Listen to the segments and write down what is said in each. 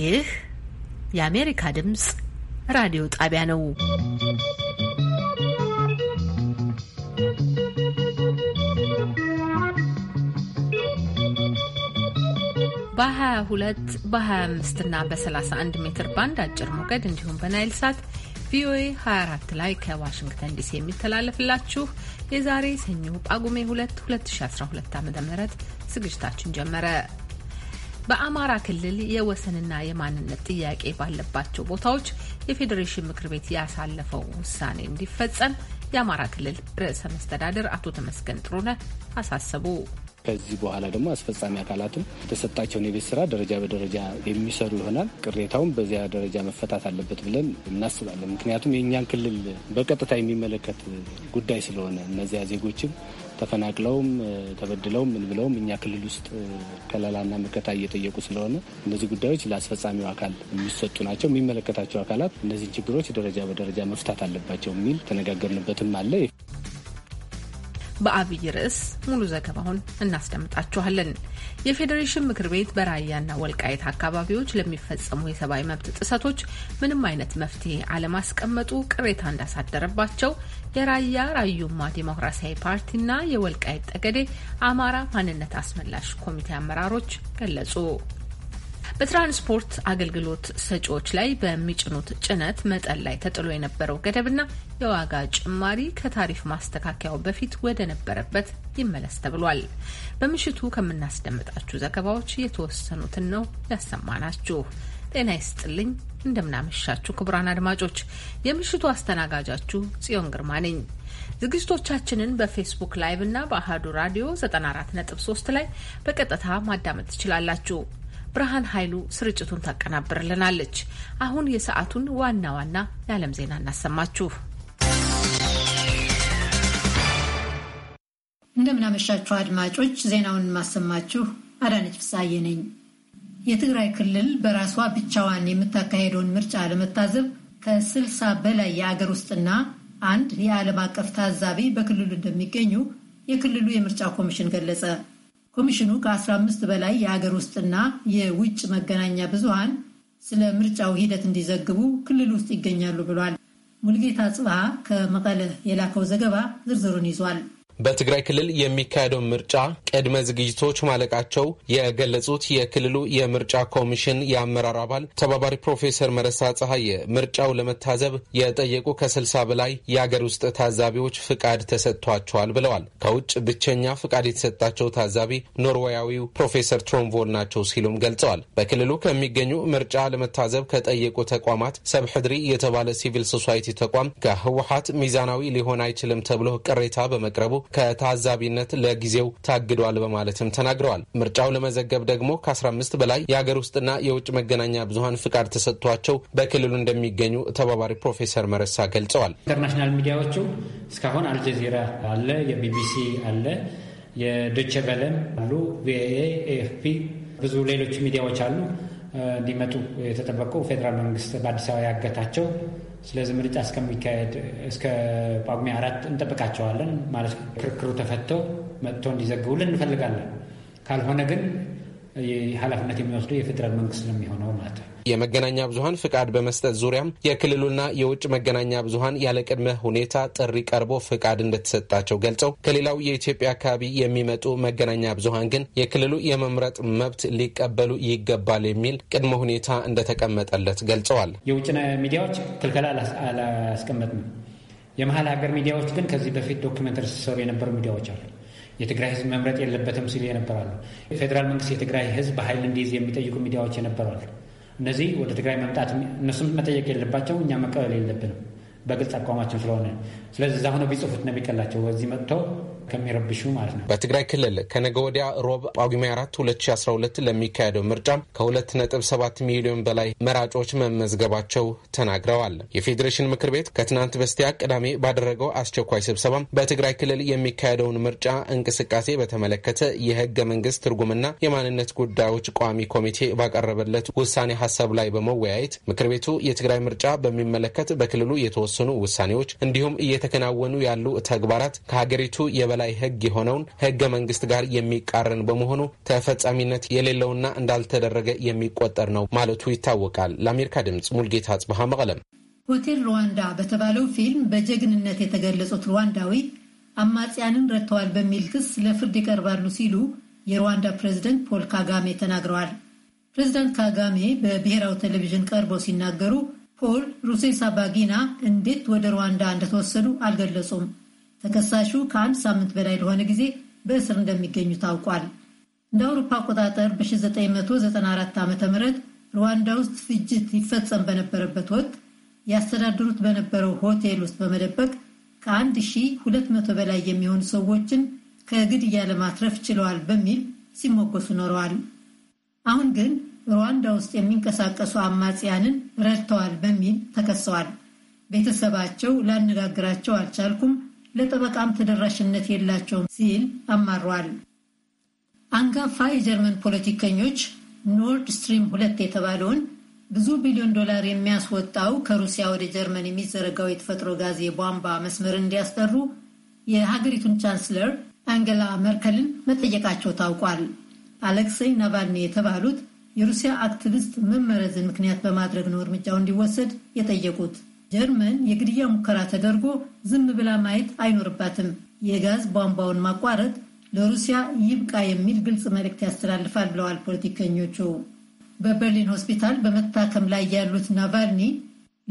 ይህ የአሜሪካ ድምፅ ራዲዮ ጣቢያ ነው። በ22 በ25 እና በ31 ሜትር ባንድ አጭር ሞገድ እንዲሁም በናይል ሳት ቪኦኤ 24 ላይ ከዋሽንግተን ዲሲ የሚተላለፍላችሁ የዛሬ ሰኞ ጳጉሜ 2 2012 ዓ ም ዝግጅታችን ጀመረ። በአማራ ክልል የወሰንና የማንነት ጥያቄ ባለባቸው ቦታዎች የፌዴሬሽን ምክር ቤት ያሳለፈው ውሳኔ እንዲፈጸም የአማራ ክልል ርዕሰ መስተዳድር አቶ ተመስገን ጥሩነ አሳሰቡ። ከዚህ በኋላ ደግሞ አስፈጻሚ አካላትም የተሰጣቸውን የቤት ስራ ደረጃ በደረጃ የሚሰሩ ይሆናል። ቅሬታውም በዚያ ደረጃ መፈታት አለበት ብለን እናስባለን። ምክንያቱም የእኛን ክልል በቀጥታ የሚመለከት ጉዳይ ስለሆነ እነዚያ ዜጎችም ተፈናቅለውም ተበድለውም ምን ብለውም እኛ ክልል ውስጥ ከለላና መከታ እየጠየቁ ስለሆነ እነዚህ ጉዳዮች ለአስፈጻሚው አካል የሚሰጡ ናቸው። የሚመለከታቸው አካላት እነዚህን ችግሮች ደረጃ በደረጃ መፍታት አለባቸው የሚል ተነጋገርንበትም አለ። በአብይ ርዕስ ሙሉ ዘገባውን እናስደምጣችኋለን። የፌዴሬሽን ምክር ቤት በራያና ወልቃየት አካባቢዎች ለሚፈጸሙ የሰብአዊ መብት ጥሰቶች ምንም አይነት መፍትሄ አለማስቀመጡ ቅሬታ እንዳሳደረባቸው የራያ ራዩማ ዴሞክራሲያዊ ፓርቲና የወልቃየት ጠገዴ አማራ ማንነት አስመላሽ ኮሚቴ አመራሮች ገለጹ። በትራንስፖርት አገልግሎት ሰጪዎች ላይ በሚጭኑት ጭነት መጠን ላይ ተጥሎ የነበረው ገደብና የዋጋ ጭማሪ ከታሪፍ ማስተካከያው በፊት ወደ ነበረበት ይመለስ ተብሏል። በምሽቱ ከምናስደምጣችሁ ዘገባዎች የተወሰኑትን ነው ያሰማናችሁ። ጤና ይስጥልኝ። እንደምናመሻችሁ ክቡራን አድማጮች፣ የምሽቱ አስተናጋጃችሁ ጽዮን ግርማ ነኝ። ዝግጅቶቻችንን በፌስቡክ ላይቭ እና በአህዱ ራዲዮ 94.3 ላይ በቀጥታ ማዳመጥ ትችላላችሁ። ብርሃን ኃይሉ ስርጭቱን ታቀናብርልናለች። አሁን የሰዓቱን ዋና ዋና የዓለም ዜና እናሰማችሁ። እንደምናመሻችሁ አድማጮች፣ ዜናውን የማሰማችሁ አዳነች ፍሳዬ ነኝ። የትግራይ ክልል በራሷ ብቻዋን የምታካሄደውን ምርጫ ለመታዘብ ከስልሳ በላይ የአገር ውስጥና አንድ የዓለም አቀፍ ታዛቢ በክልሉ እንደሚገኙ የክልሉ የምርጫ ኮሚሽን ገለጸ። ኮሚሽኑ ከ15 በላይ የአገር ውስጥና የውጭ መገናኛ ብዙሃን ስለ ምርጫው ሂደት እንዲዘግቡ ክልል ውስጥ ይገኛሉ ብሏል። ሙልጌታ ጽብሃ ከመቀለ የላከው ዘገባ ዝርዝሩን ይዟል። በትግራይ ክልል የሚካሄደው ምርጫ ቅድመ ዝግጅቶች ማለቃቸው የገለጹት የክልሉ የምርጫ ኮሚሽን የአመራር አባል ተባባሪ ፕሮፌሰር መረሳ ጸሐየ ምርጫው ለመታዘብ የጠየቁ ከስልሳ በላይ የአገር ውስጥ ታዛቢዎች ፍቃድ ተሰጥቷቸዋል ብለዋል። ከውጭ ብቸኛ ፍቃድ የተሰጣቸው ታዛቢ ኖርዌያዊው ፕሮፌሰር ትሮንቮል ናቸው ሲሉም ገልጸዋል። በክልሉ ከሚገኙ ምርጫ ለመታዘብ ከጠየቁ ተቋማት ሰብሕድሪ የተባለ ሲቪል ሶሳይቲ ተቋም ከህወሀት ሚዛናዊ ሊሆን አይችልም ተብሎ ቅሬታ በመቅረቡ ከታዛቢነት ለጊዜው ታግዷል በማለትም ተናግረዋል። ምርጫው ለመዘገብ ደግሞ ከ15 በላይ የአገር ውስጥና የውጭ መገናኛ ብዙሀን ፍቃድ ተሰጥቷቸው በክልሉ እንደሚገኙ ተባባሪ ፕሮፌሰር መረሳ ገልጸዋል። ኢንተርናሽናል ሚዲያዎቹ እስካሁን አልጀዚራ አለ፣ የቢቢሲ አለ፣ የዶቸ አሉ፣ ቪኦኤ፣ ኤፍፒ ብዙ ሌሎች ሚዲያዎች አሉ። እንዲመጡ የተጠበቀው ፌዴራል መንግስት በአዲስ አበባ ያገታቸው። ስለዚህ ምርጫ እስከሚካሄድ እስከ ጳጉሜ አራት እንጠብቃቸዋለን ማለት ክርክሩ ተፈቶ መጥቶ እንዲዘግቡልን እንፈልጋለን። ካልሆነ ግን ኃላፊነት የሚወስደው የፌዴራል መንግስት ነው የሚሆነው ማለት ነው። የመገናኛ ብዙሀን ፍቃድ በመስጠት ዙሪያም የክልሉና የውጭ መገናኛ ብዙኃን ያለቅድመ ሁኔታ ጥሪ ቀርቦ ፍቃድ እንደተሰጣቸው ገልጸው ከሌላው የኢትዮጵያ አካባቢ የሚመጡ መገናኛ ብዙሀን ግን የክልሉ የመምረጥ መብት ሊቀበሉ ይገባል የሚል ቅድመ ሁኔታ እንደተቀመጠለት ገልጸዋል። የውጭ ሚዲያዎች ክልከላ አላስቀመጥም። የመሀል ሀገር ሚዲያዎች ግን ከዚህ በፊት ዶክመንተሪ ሲሰሩ የነበሩ ሚዲያዎች አሉ የትግራይ ህዝብ መምረጥ የለበትም ሲሉ የነበራሉ። የፌዴራል መንግስት የትግራይ ህዝብ በኃይል እንዲይዝ የሚጠይቁ ሚዲያዎች የነበራሉ። እነዚህ ወደ ትግራይ መምጣት እነሱም መጠየቅ የለባቸው፣ እኛ መቀበል የለብንም በግልጽ አቋማችን ስለሆነ። ስለዚህ እዛ ሆነው ቢጽፉት ነው የሚቀላቸው። ወዚህ መጥቶ ከሚረብሹ ማለት ነው። በትግራይ ክልል ከነገ ወዲያ ሮብ ጳጉሜ 4 2012 ለሚካሄደው ምርጫም ከ2.7 ሚሊዮን በላይ መራጮች መመዝገባቸው ተናግረዋል። የፌዴሬሽን ምክር ቤት ከትናንት በስቲያ ቅዳሜ ባደረገው አስቸኳይ ስብሰባም በትግራይ ክልል የሚካሄደውን ምርጫ እንቅስቃሴ በተመለከተ የህገ መንግስት ትርጉምና የማንነት ጉዳዮች ቋሚ ኮሚቴ ባቀረበለት ውሳኔ ሀሳብ ላይ በመወያየት ምክር ቤቱ የትግራይ ምርጫ በሚመለከት በክልሉ የተወሰኑ ውሳኔዎች እንዲሁም እየተከናወኑ ያሉ ተግባራት ከሀገሪቱ የበላይ ህግ የሆነውን ህገ መንግስት ጋር የሚቃረን በመሆኑ ተፈጻሚነት የሌለውና እንዳልተደረገ የሚቆጠር ነው ማለቱ ይታወቃል። ለአሜሪካ ድምፅ ሙልጌታ አጽብሃ መቀለም። ሆቴል ሩዋንዳ በተባለው ፊልም በጀግንነት የተገለጹት ሩዋንዳዊ አማጽያንን ረድተዋል በሚል ክስ ለፍርድ ይቀርባሉ ሲሉ የሩዋንዳ ፕሬዝደንት ፖል ካጋሜ ተናግረዋል። ፕሬዚደንት ካጋሜ በብሔራዊ ቴሌቪዥን ቀርበው ሲናገሩ ፖል ሩሴሳባጊና እንዴት ወደ ሩዋንዳ እንደተወሰዱ አልገለጹም። ተከሳሹ ከአንድ ሳምንት በላይ ለሆነ ጊዜ በእስር እንደሚገኙ ታውቋል። እንደ አውሮፓ አቆጣጠር በ1994 ዓ ም ሩዋንዳ ውስጥ ፍጅት ይፈጸም በነበረበት ወቅት ያስተዳድሩት በነበረው ሆቴል ውስጥ በመደበቅ ከ1200 በላይ የሚሆኑ ሰዎችን ከግድያ ለማትረፍ ችለዋል በሚል ሲሞገሱ ኖረዋል። አሁን ግን ሩዋንዳ ውስጥ የሚንቀሳቀሱ አማጽያንን ረድተዋል በሚል ተከሰዋል። ቤተሰባቸው ላነጋግራቸው አልቻልኩም ለጠበቃም ተደራሽነት የላቸውም ሲል አማሯል። አንጋፋ የጀርመን ፖለቲከኞች ኖርድ ስትሪም ሁለት የተባለውን ብዙ ቢሊዮን ዶላር የሚያስወጣው ከሩሲያ ወደ ጀርመን የሚዘረጋው የተፈጥሮ ጋዝ የቧንቧ መስመር እንዲያስጠሩ የሀገሪቱን ቻንስለር አንገላ መርከልን መጠየቃቸው ታውቋል። አሌክሰይ ናቫልኒ የተባሉት የሩሲያ አክቲቪስት መመረዝን ምክንያት በማድረግ ነው እርምጃው እንዲወሰድ የጠየቁት። ጀርመን የግድያ ሙከራ ተደርጎ ዝም ብላ ማየት አይኖርባትም። የጋዝ ቧንቧውን ማቋረጥ ለሩሲያ ይብቃ የሚል ግልጽ መልእክት ያስተላልፋል ብለዋል ፖለቲከኞቹ። በበርሊን ሆስፒታል በመታከም ላይ ያሉት ናቫልኒ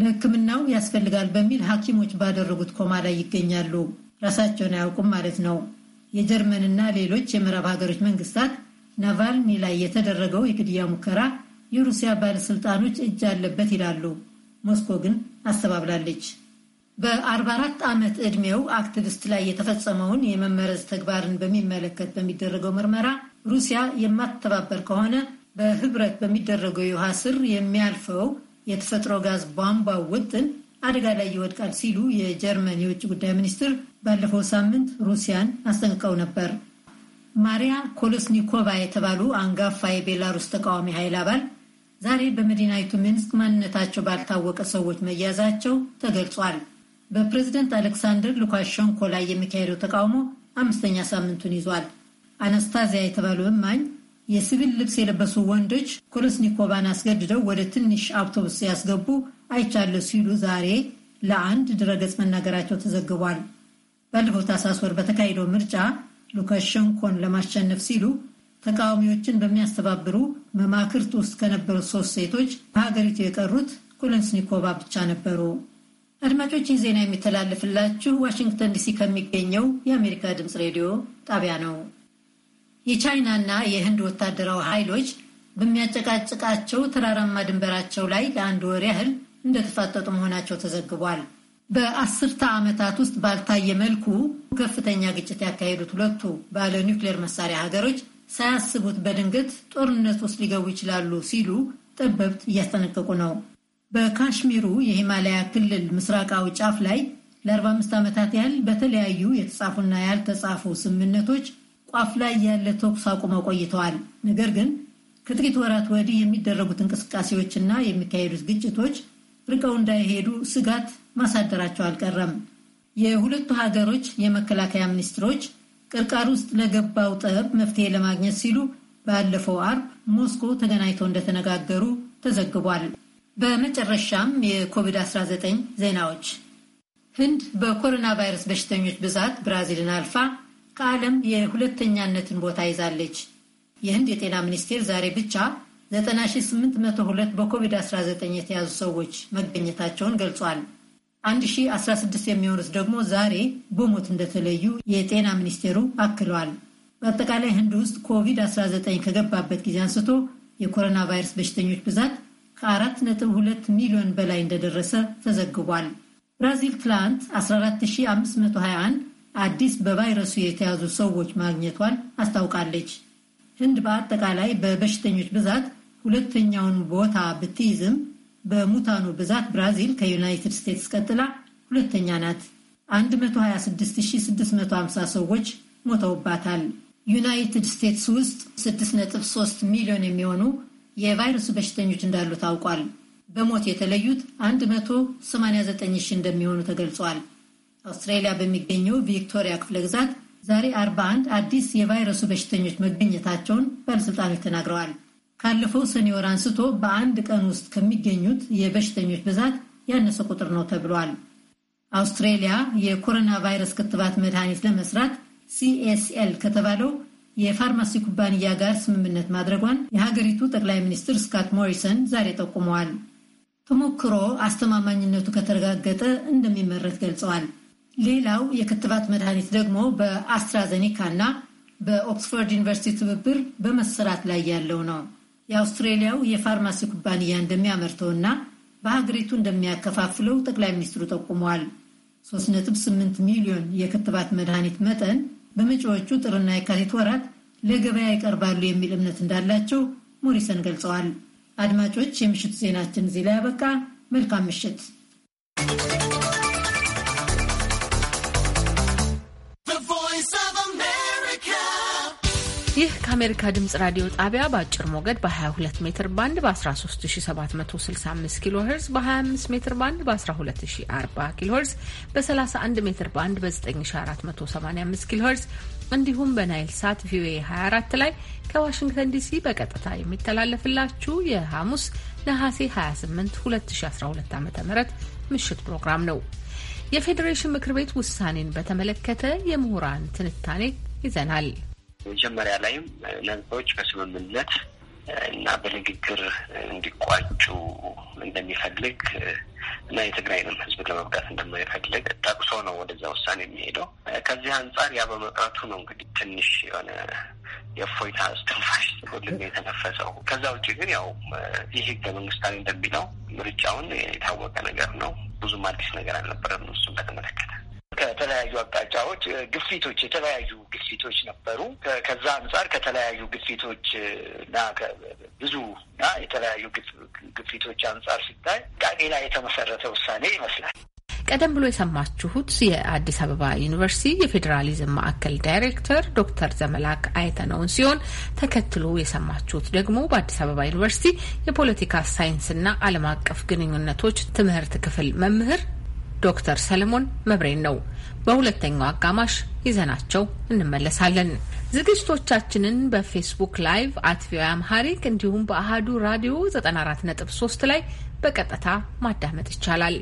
ለሕክምናው ያስፈልጋል በሚል ሐኪሞች ባደረጉት ኮማ ላይ ይገኛሉ። ራሳቸውን አያውቁም ማለት ነው። የጀርመንና ሌሎች የምዕራብ ሀገሮች መንግስታት ናቫልኒ ላይ የተደረገው የግድያ ሙከራ የሩሲያ ባለስልጣኖች እጅ አለበት ይላሉ። ሞስኮ ግን አስተባብላለች። በ44 ዓመት ዕድሜው አክቲቪስት ላይ የተፈጸመውን የመመረዝ ተግባርን በሚመለከት በሚደረገው ምርመራ ሩሲያ የማትተባበር ከሆነ በህብረት በሚደረገው የውሃ ስር የሚያልፈው የተፈጥሮ ጋዝ ቧንቧ ውጥን አደጋ ላይ ይወድቃል ሲሉ የጀርመን የውጭ ጉዳይ ሚኒስትር ባለፈው ሳምንት ሩሲያን አስጠንቅቀው ነበር። ማሪያ ኮሎስኒኮቫ የተባሉ አንጋፋ የቤላሩስ ተቃዋሚ ኃይል አባል ዛሬ በመዲናይቱ ሚንስክ ማንነታቸው ባልታወቀ ሰዎች መያዛቸው ተገልጿል። በፕሬዝደንት አሌክሳንደር ሉካሸንኮ ላይ የሚካሄደው ተቃውሞ አምስተኛ ሳምንቱን ይዟል። አነስታዚያ የተባሉ እማኝ የሲቪል ልብስ የለበሱ ወንዶች ኮለስኒኮቫን አስገድደው ወደ ትንሽ አውቶቡስ ያስገቡ አይቻለሁ ሲሉ ዛሬ ለአንድ ድረገጽ መናገራቸው ተዘግቧል። ባለፈው ታሳስ ወር በተካሄደው ምርጫ ሉካሸንኮን ለማሸነፍ ሲሉ ተቃዋሚዎችን በሚያስተባብሩ መማክርት ውስጥ ከነበሩት ሶስት ሴቶች በሀገሪቱ የቀሩት ኩለንስኒኮቫ ብቻ ነበሩ። አድማጮች ይህ ዜና የሚተላለፍላችሁ ዋሽንግተን ዲሲ ከሚገኘው የአሜሪካ ድምፅ ሬዲዮ ጣቢያ ነው። የቻይናና የህንድ ወታደራዊ ኃይሎች በሚያጨቃጭቃቸው ተራራማ ድንበራቸው ላይ ለአንድ ወር ያህል እንደተፋጠጡ መሆናቸው ተዘግቧል። በአስርተ ዓመታት ውስጥ ባልታየ መልኩ ከፍተኛ ግጭት ያካሄዱት ሁለቱ ባለ ኒውክሌር መሳሪያ ሀገሮች ሳያስቡት በድንገት ጦርነት ውስጥ ሊገቡ ይችላሉ ሲሉ ጠበብት እያስጠነቀቁ ነው። በካሽሚሩ የሂማላያ ክልል ምስራቃዊ ጫፍ ላይ ለ45 ዓመታት ያህል በተለያዩ የተጻፉና ያልተጻፉ ስምምነቶች ቋፍ ላይ ያለ ተኩስ አቁመው ቆይተዋል። ነገር ግን ከጥቂት ወራት ወዲህ የሚደረጉት እንቅስቃሴዎችና የሚካሄዱት ግጭቶች ርቀው እንዳይሄዱ ስጋት ማሳደራቸው አልቀረም። የሁለቱ ሀገሮች የመከላከያ ሚኒስትሮች ቅርቃር ውስጥ ለገባው ጠብ መፍትሄ ለማግኘት ሲሉ ባለፈው አርብ ሞስኮ ተገናኝተው እንደተነጋገሩ ተዘግቧል። በመጨረሻም የኮቪድ-19 ዜናዎች። ህንድ በኮሮና ቫይረስ በሽተኞች ብዛት ብራዚልን አልፋ ከዓለም የሁለተኛነትን ቦታ ይዛለች። የህንድ የጤና ሚኒስቴር ዛሬ ብቻ 90802 በኮቪድ-19 የተያዙ ሰዎች መገኘታቸውን ገልጿል። 1016 የሚሆኑት ደግሞ ዛሬ በሞት እንደተለዩ የጤና ሚኒስቴሩ አክለዋል። በአጠቃላይ ህንድ ውስጥ ኮቪድ-19 ከገባበት ጊዜ አንስቶ የኮሮና ቫይረስ በሽተኞች ብዛት ከ4.2 ሚሊዮን በላይ እንደደረሰ ተዘግቧል። ብራዚል ትላንት 14521 አዲስ በቫይረሱ የተያዙ ሰዎች ማግኘቷን አስታውቃለች። ህንድ በአጠቃላይ በበሽተኞች ብዛት ሁለተኛውን ቦታ ብትይዝም በሙታኑ ብዛት ብራዚል ከዩናይትድ ስቴትስ ቀጥላ ሁለተኛ ናት። 126650 ሰዎች ሞተውባታል። ዩናይትድ ስቴትስ ውስጥ 6.3 ሚሊዮን የሚሆኑ የቫይረሱ በሽተኞች እንዳሉ ታውቋል። በሞት የተለዩት 189 ሺህ እንደሚሆኑ ተገልጿል። አውስትራሊያ በሚገኘው ቪክቶሪያ ክፍለ ግዛት ዛሬ 41 አዲስ የቫይረሱ በሽተኞች መገኘታቸውን ባለሥልጣኖች ተናግረዋል። ካለፈው ሰኔ ወር አንስቶ በአንድ ቀን ውስጥ ከሚገኙት የበሽተኞች ብዛት ያነሰ ቁጥር ነው ተብሏል። አውስትሬሊያ የኮሮና ቫይረስ ክትባት መድኃኒት ለመስራት ሲኤስኤል ከተባለው የፋርማሲ ኩባንያ ጋር ስምምነት ማድረጓን የሀገሪቱ ጠቅላይ ሚኒስትር ስካት ሞሪሰን ዛሬ ጠቁመዋል። ተሞክሮ አስተማማኝነቱ ከተረጋገጠ እንደሚመረት ገልጸዋል። ሌላው የክትባት መድኃኒት ደግሞ በአስትራዘኒካ እና በኦክስፎርድ ዩኒቨርሲቲ ትብብር በመሰራት ላይ ያለው ነው። የአውስትሬሊያው የፋርማሲ ኩባንያ እንደሚያመርተውና በሀገሪቱ እንደሚያከፋፍለው ጠቅላይ ሚኒስትሩ ጠቁመዋል። 3.8 ሚሊዮን የክትባት መድኃኒት መጠን በመጪዎቹ ጥርና የካቲት ወራት ለገበያ ይቀርባሉ የሚል እምነት እንዳላቸው ሞሪሰን ገልጸዋል። አድማጮች፣ የምሽቱ ዜናችን እዚህ ላይ ያበቃ። መልካም ምሽት። ይህ ከአሜሪካ ድምጽ ራዲዮ ጣቢያ በአጭር ሞገድ በ22 ሜትር ባንድ በ13765 ኪሎ ሄርዝ በ25 ሜትር ባንድ በ1240 ኪሎ ሄርዝ በ31 ሜትር ባንድ በ9485 ኪሎ ሄርዝ እንዲሁም በናይል ሳት ቪኦኤ 24 ላይ ከዋሽንግተን ዲሲ በቀጥታ የሚተላለፍላችሁ የሐሙስ ነሐሴ 28 2012 ዓ ም ምሽት ፕሮግራም ነው። የፌዴሬሽን ምክር ቤት ውሳኔን በተመለከተ የምሁራን ትንታኔ ይዘናል። መጀመሪያ ላይም ለንሶች በስምምነት እና በንግግር እንዲቋጩ እንደሚፈልግ እና የትግራይንም ሕዝብ ለመጉዳት እንደማይፈልግ ጠቅሶ ነው ወደዛ ውሳኔ የሚሄደው። ከዚህ አንጻር ያ በመቅረቱ ነው እንግዲህ ትንሽ የሆነ የእፎይታ እስትንፋሽ ሁሉም የተነፈሰው። ከዛ ውጭ ግን ያው ይህ ህገ መንግስታዊ እንደሚለው ምርጫውን የታወቀ ነገር ነው። ብዙም አዲስ ነገር አልነበረም እሱን በተመለከተ ከተለያዩ አቅጣጫዎች ግፊቶች የተለያዩ ግፊቶች ነበሩ። ከዛ አንጻር ከተለያዩ ግፊቶች እና ብዙ እና የተለያዩ ግፊቶች አንጻር ሲታይ ቃቄ ላይ የተመሰረተ ውሳኔ ይመስላል። ቀደም ብሎ የሰማችሁት የአዲስ አበባ ዩኒቨርሲቲ የፌዴራሊዝም ማዕከል ዳይሬክተር ዶክተር ዘመላክ አይተነውን ሲሆን ተከትሎ የሰማችሁት ደግሞ በአዲስ አበባ ዩኒቨርሲቲ የፖለቲካ ሳይንስና ዓለም አቀፍ ግንኙነቶች ትምህርት ክፍል መምህር ዶክተር ሰለሞን መብሬን ነው። በሁለተኛው አጋማሽ ይዘናቸው እንመለሳለን። ዝግጅቶቻችንን በፌስቡክ ላይቭ አት ቪኦኤ አምሃሪክ እንዲሁም በአህዱ ራዲዮ 94.3 ላይ በቀጥታ ማዳመጥ ይቻላል።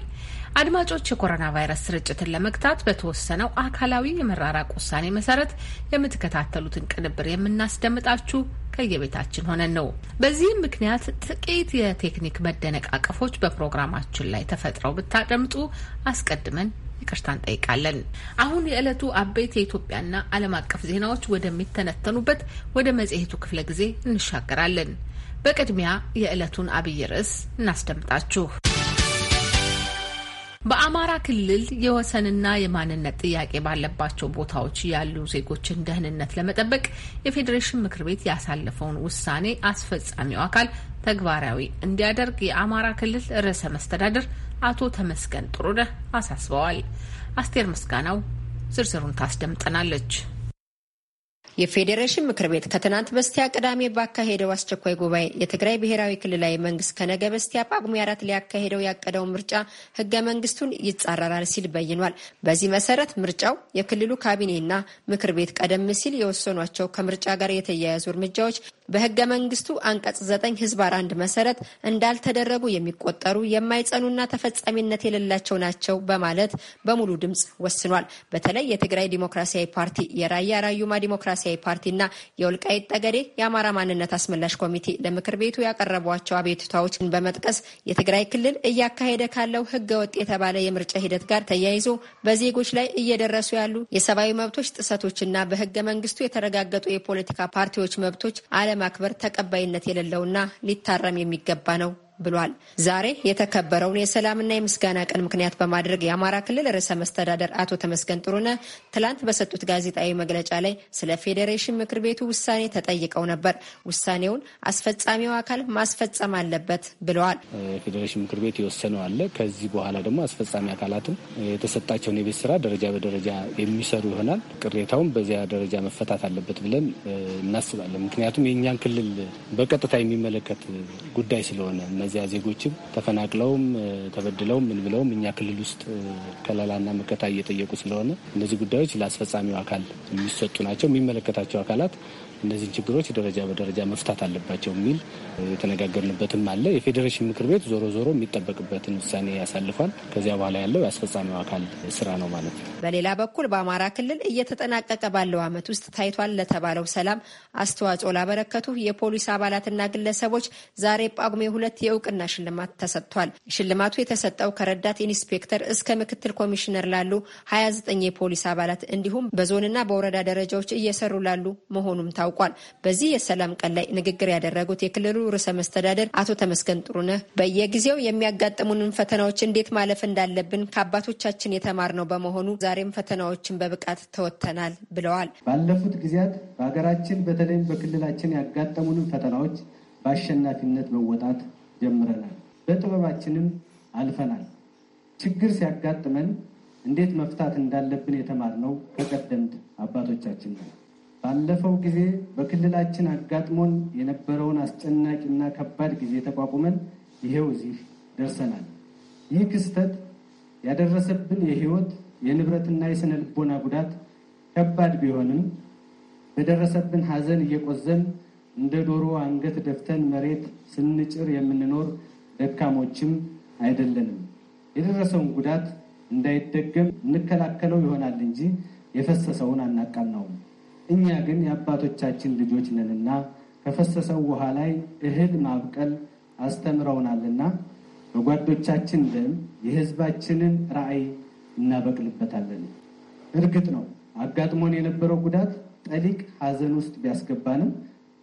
አድማጮች የኮሮና ቫይረስ ስርጭትን ለመግታት በተወሰነው አካላዊ የመራራቅ ውሳኔ መሰረት የምትከታተሉትን ቅንብር የምናስደምጣችሁ ከየቤታችን ሆነን ነው። በዚህም ምክንያት ጥቂት የቴክኒክ መደነቃቀፎች በፕሮግራማችን ላይ ተፈጥረው ብታደምጡ አስቀድመን ይቅርታ እንጠይቃለን። አሁን የዕለቱ አበይት የኢትዮጵያና ዓለም አቀፍ ዜናዎች ወደሚተነተኑበት ወደ መጽሔቱ ክፍለ ጊዜ እንሻገራለን። በቅድሚያ የዕለቱን አብይ ርዕስ እናስደምጣችሁ። በአማራ ክልል የወሰንና የማንነት ጥያቄ ባለባቸው ቦታዎች ያሉ ዜጎችን ደህንነት ለመጠበቅ የፌዴሬሽን ምክር ቤት ያሳለፈውን ውሳኔ አስፈጻሚው አካል ተግባራዊ እንዲያደርግ የአማራ ክልል ርዕሰ መስተዳድር አቶ ተመስገን ጥሩነህ አሳስበዋል። አስቴር ምስጋናው ዝርዝሩን ታስደምጠናለች። የፌዴሬሽን ምክር ቤት ከትናንት በስቲያ ቅዳሜ ባካሄደው አስቸኳይ ጉባኤ የትግራይ ብሔራዊ ክልላዊ መንግስት ከነገ በስቲያ ጳጉሜ አራት ሊያካሄደው ያቀደው ምርጫ ህገ መንግስቱን ይጻረራል ሲል በይኗል። በዚህ መሰረት ምርጫው የክልሉ ካቢኔና ምክር ቤት ቀደም ሲል የወሰኗቸው ከምርጫ ጋር የተያያዙ እርምጃዎች በህገ መንግስቱ አንቀጽ ዘጠኝ ህዝባር አንድ መሰረት እንዳልተደረጉ የሚቆጠሩ የማይጸኑና ተፈጻሚነት የሌላቸው ናቸው በማለት በሙሉ ድምፅ ወስኗል። በተለይ የትግራይ ዲሞክራሲያዊ ፓርቲ፣ የራያ ራዩማ ዲሞክራሲያዊ ፓርቲና የወልቃይት ጠገዴ የአማራ ማንነት አስመላሽ ኮሚቴ ለምክር ቤቱ ያቀረቧቸው አቤቱታዎችን በመጥቀስ የትግራይ ክልል እያካሄደ ካለው ህገ ወጥ የተባለ የምርጫ ሂደት ጋር ተያይዞ በዜጎች ላይ እየደረሱ ያሉ የሰብአዊ መብቶች ጥሰቶችና በህገ መንግስቱ የተረጋገጡ የፖለቲካ ፓርቲዎች መብቶች አለ ለማክበር ተቀባይነት የሌለውና ሊታረም የሚገባ ነው ብሏል። ዛሬ የተከበረውን የሰላምና የምስጋና ቀን ምክንያት በማድረግ የአማራ ክልል ርዕሰ መስተዳደር አቶ ተመስገን ጥሩነህ ትላንት በሰጡት ጋዜጣዊ መግለጫ ላይ ስለ ፌዴሬሽን ምክር ቤቱ ውሳኔ ተጠይቀው ነበር። ውሳኔውን አስፈጻሚው አካል ማስፈጸም አለበት ብለዋል። ፌዴሬሽን ምክር ቤት የወሰነው አለ። ከዚህ በኋላ ደግሞ አስፈጻሚ አካላትም የተሰጣቸውን የቤት ስራ ደረጃ በደረጃ የሚሰሩ ይሆናል። ቅሬታውም በዚያ ደረጃ መፈታት አለበት ብለን እናስባለን። ምክንያቱም የእኛን ክልል በቀጥታ የሚመለከት ጉዳይ ስለሆነ እነዚያ ዜጎችም ተፈናቅለውም ተበድለውም ምን ብለውም እኛ ክልል ውስጥ ከለላና መከታ እየጠየቁ ስለሆነ እነዚህ ጉዳዮች ለአስፈጻሚው አካል የሚሰጡ ናቸው። የሚመለከታቸው አካላት እነዚህን ችግሮች ደረጃ በደረጃ መፍታት አለባቸው የሚል የተነጋገርንበትም አለ። የፌዴሬሽን ምክር ቤት ዞሮ ዞሮ የሚጠበቅበትን ውሳኔ ያሳልፋል። ከዚያ በኋላ ያለው የአስፈጻሚው አካል ስራ ነው ማለት ነው። በሌላ በኩል በአማራ ክልል እየተጠናቀቀ ባለው ዓመት ውስጥ ታይቷል ለተባለው ሰላም አስተዋጽኦ ላበረከቱ የፖሊስ አባላትና ግለሰቦች ዛሬ ጳጉሜ ሁለት እውቅና ሽልማት ተሰጥቷል። ሽልማቱ የተሰጠው ከረዳት ኢንስፔክተር እስከ ምክትል ኮሚሽነር ላሉ 29 የፖሊስ አባላት እንዲሁም በዞንና በወረዳ ደረጃዎች እየሰሩ ላሉ መሆኑም ታውቋል። በዚህ የሰላም ቀን ላይ ንግግር ያደረጉት የክልሉ ርዕሰ መስተዳደር አቶ ተመስገን ጥሩነህ በየጊዜው የሚያጋጥሙንን ፈተናዎች እንዴት ማለፍ እንዳለብን ከአባቶቻችን የተማርነው በመሆኑ ዛሬም ፈተናዎችን በብቃት ተወጥተናል ብለዋል። ባለፉት ጊዜያት በሀገራችን በተለይም በክልላችን ያጋጠሙንን ፈተናዎች በአሸናፊነት መወጣት ጀምረናል። በጥበባችንም አልፈናል። ችግር ሲያጋጥመን እንዴት መፍታት እንዳለብን የተማርነው ከቀደምት አባቶቻችን ነው። ባለፈው ጊዜ በክልላችን አጋጥሞን የነበረውን አስጨናቂና ከባድ ጊዜ ተቋቁመን ይሄው እዚህ ደርሰናል። ይህ ክስተት ያደረሰብን የሕይወት የንብረትና የስነ ልቦና ጉዳት ከባድ ቢሆንም በደረሰብን ሐዘን እየቆዘን እንደ ዶሮ አንገት ደፍተን መሬት ስንጭር የምንኖር ደካሞችም አይደለንም። የደረሰውን ጉዳት እንዳይደገም እንከላከለው ይሆናል እንጂ የፈሰሰውን አናቃናውም። እኛ ግን የአባቶቻችን ልጆች ነንና ከፈሰሰው ውሃ ላይ እህል ማብቀል አስተምረውናልና በጓዶቻችን ደም የሕዝባችንን ራዕይ እናበቅልበታለን። እርግጥ ነው አጋጥሞን የነበረው ጉዳት ጠሊቅ ሐዘን ውስጥ ቢያስገባንም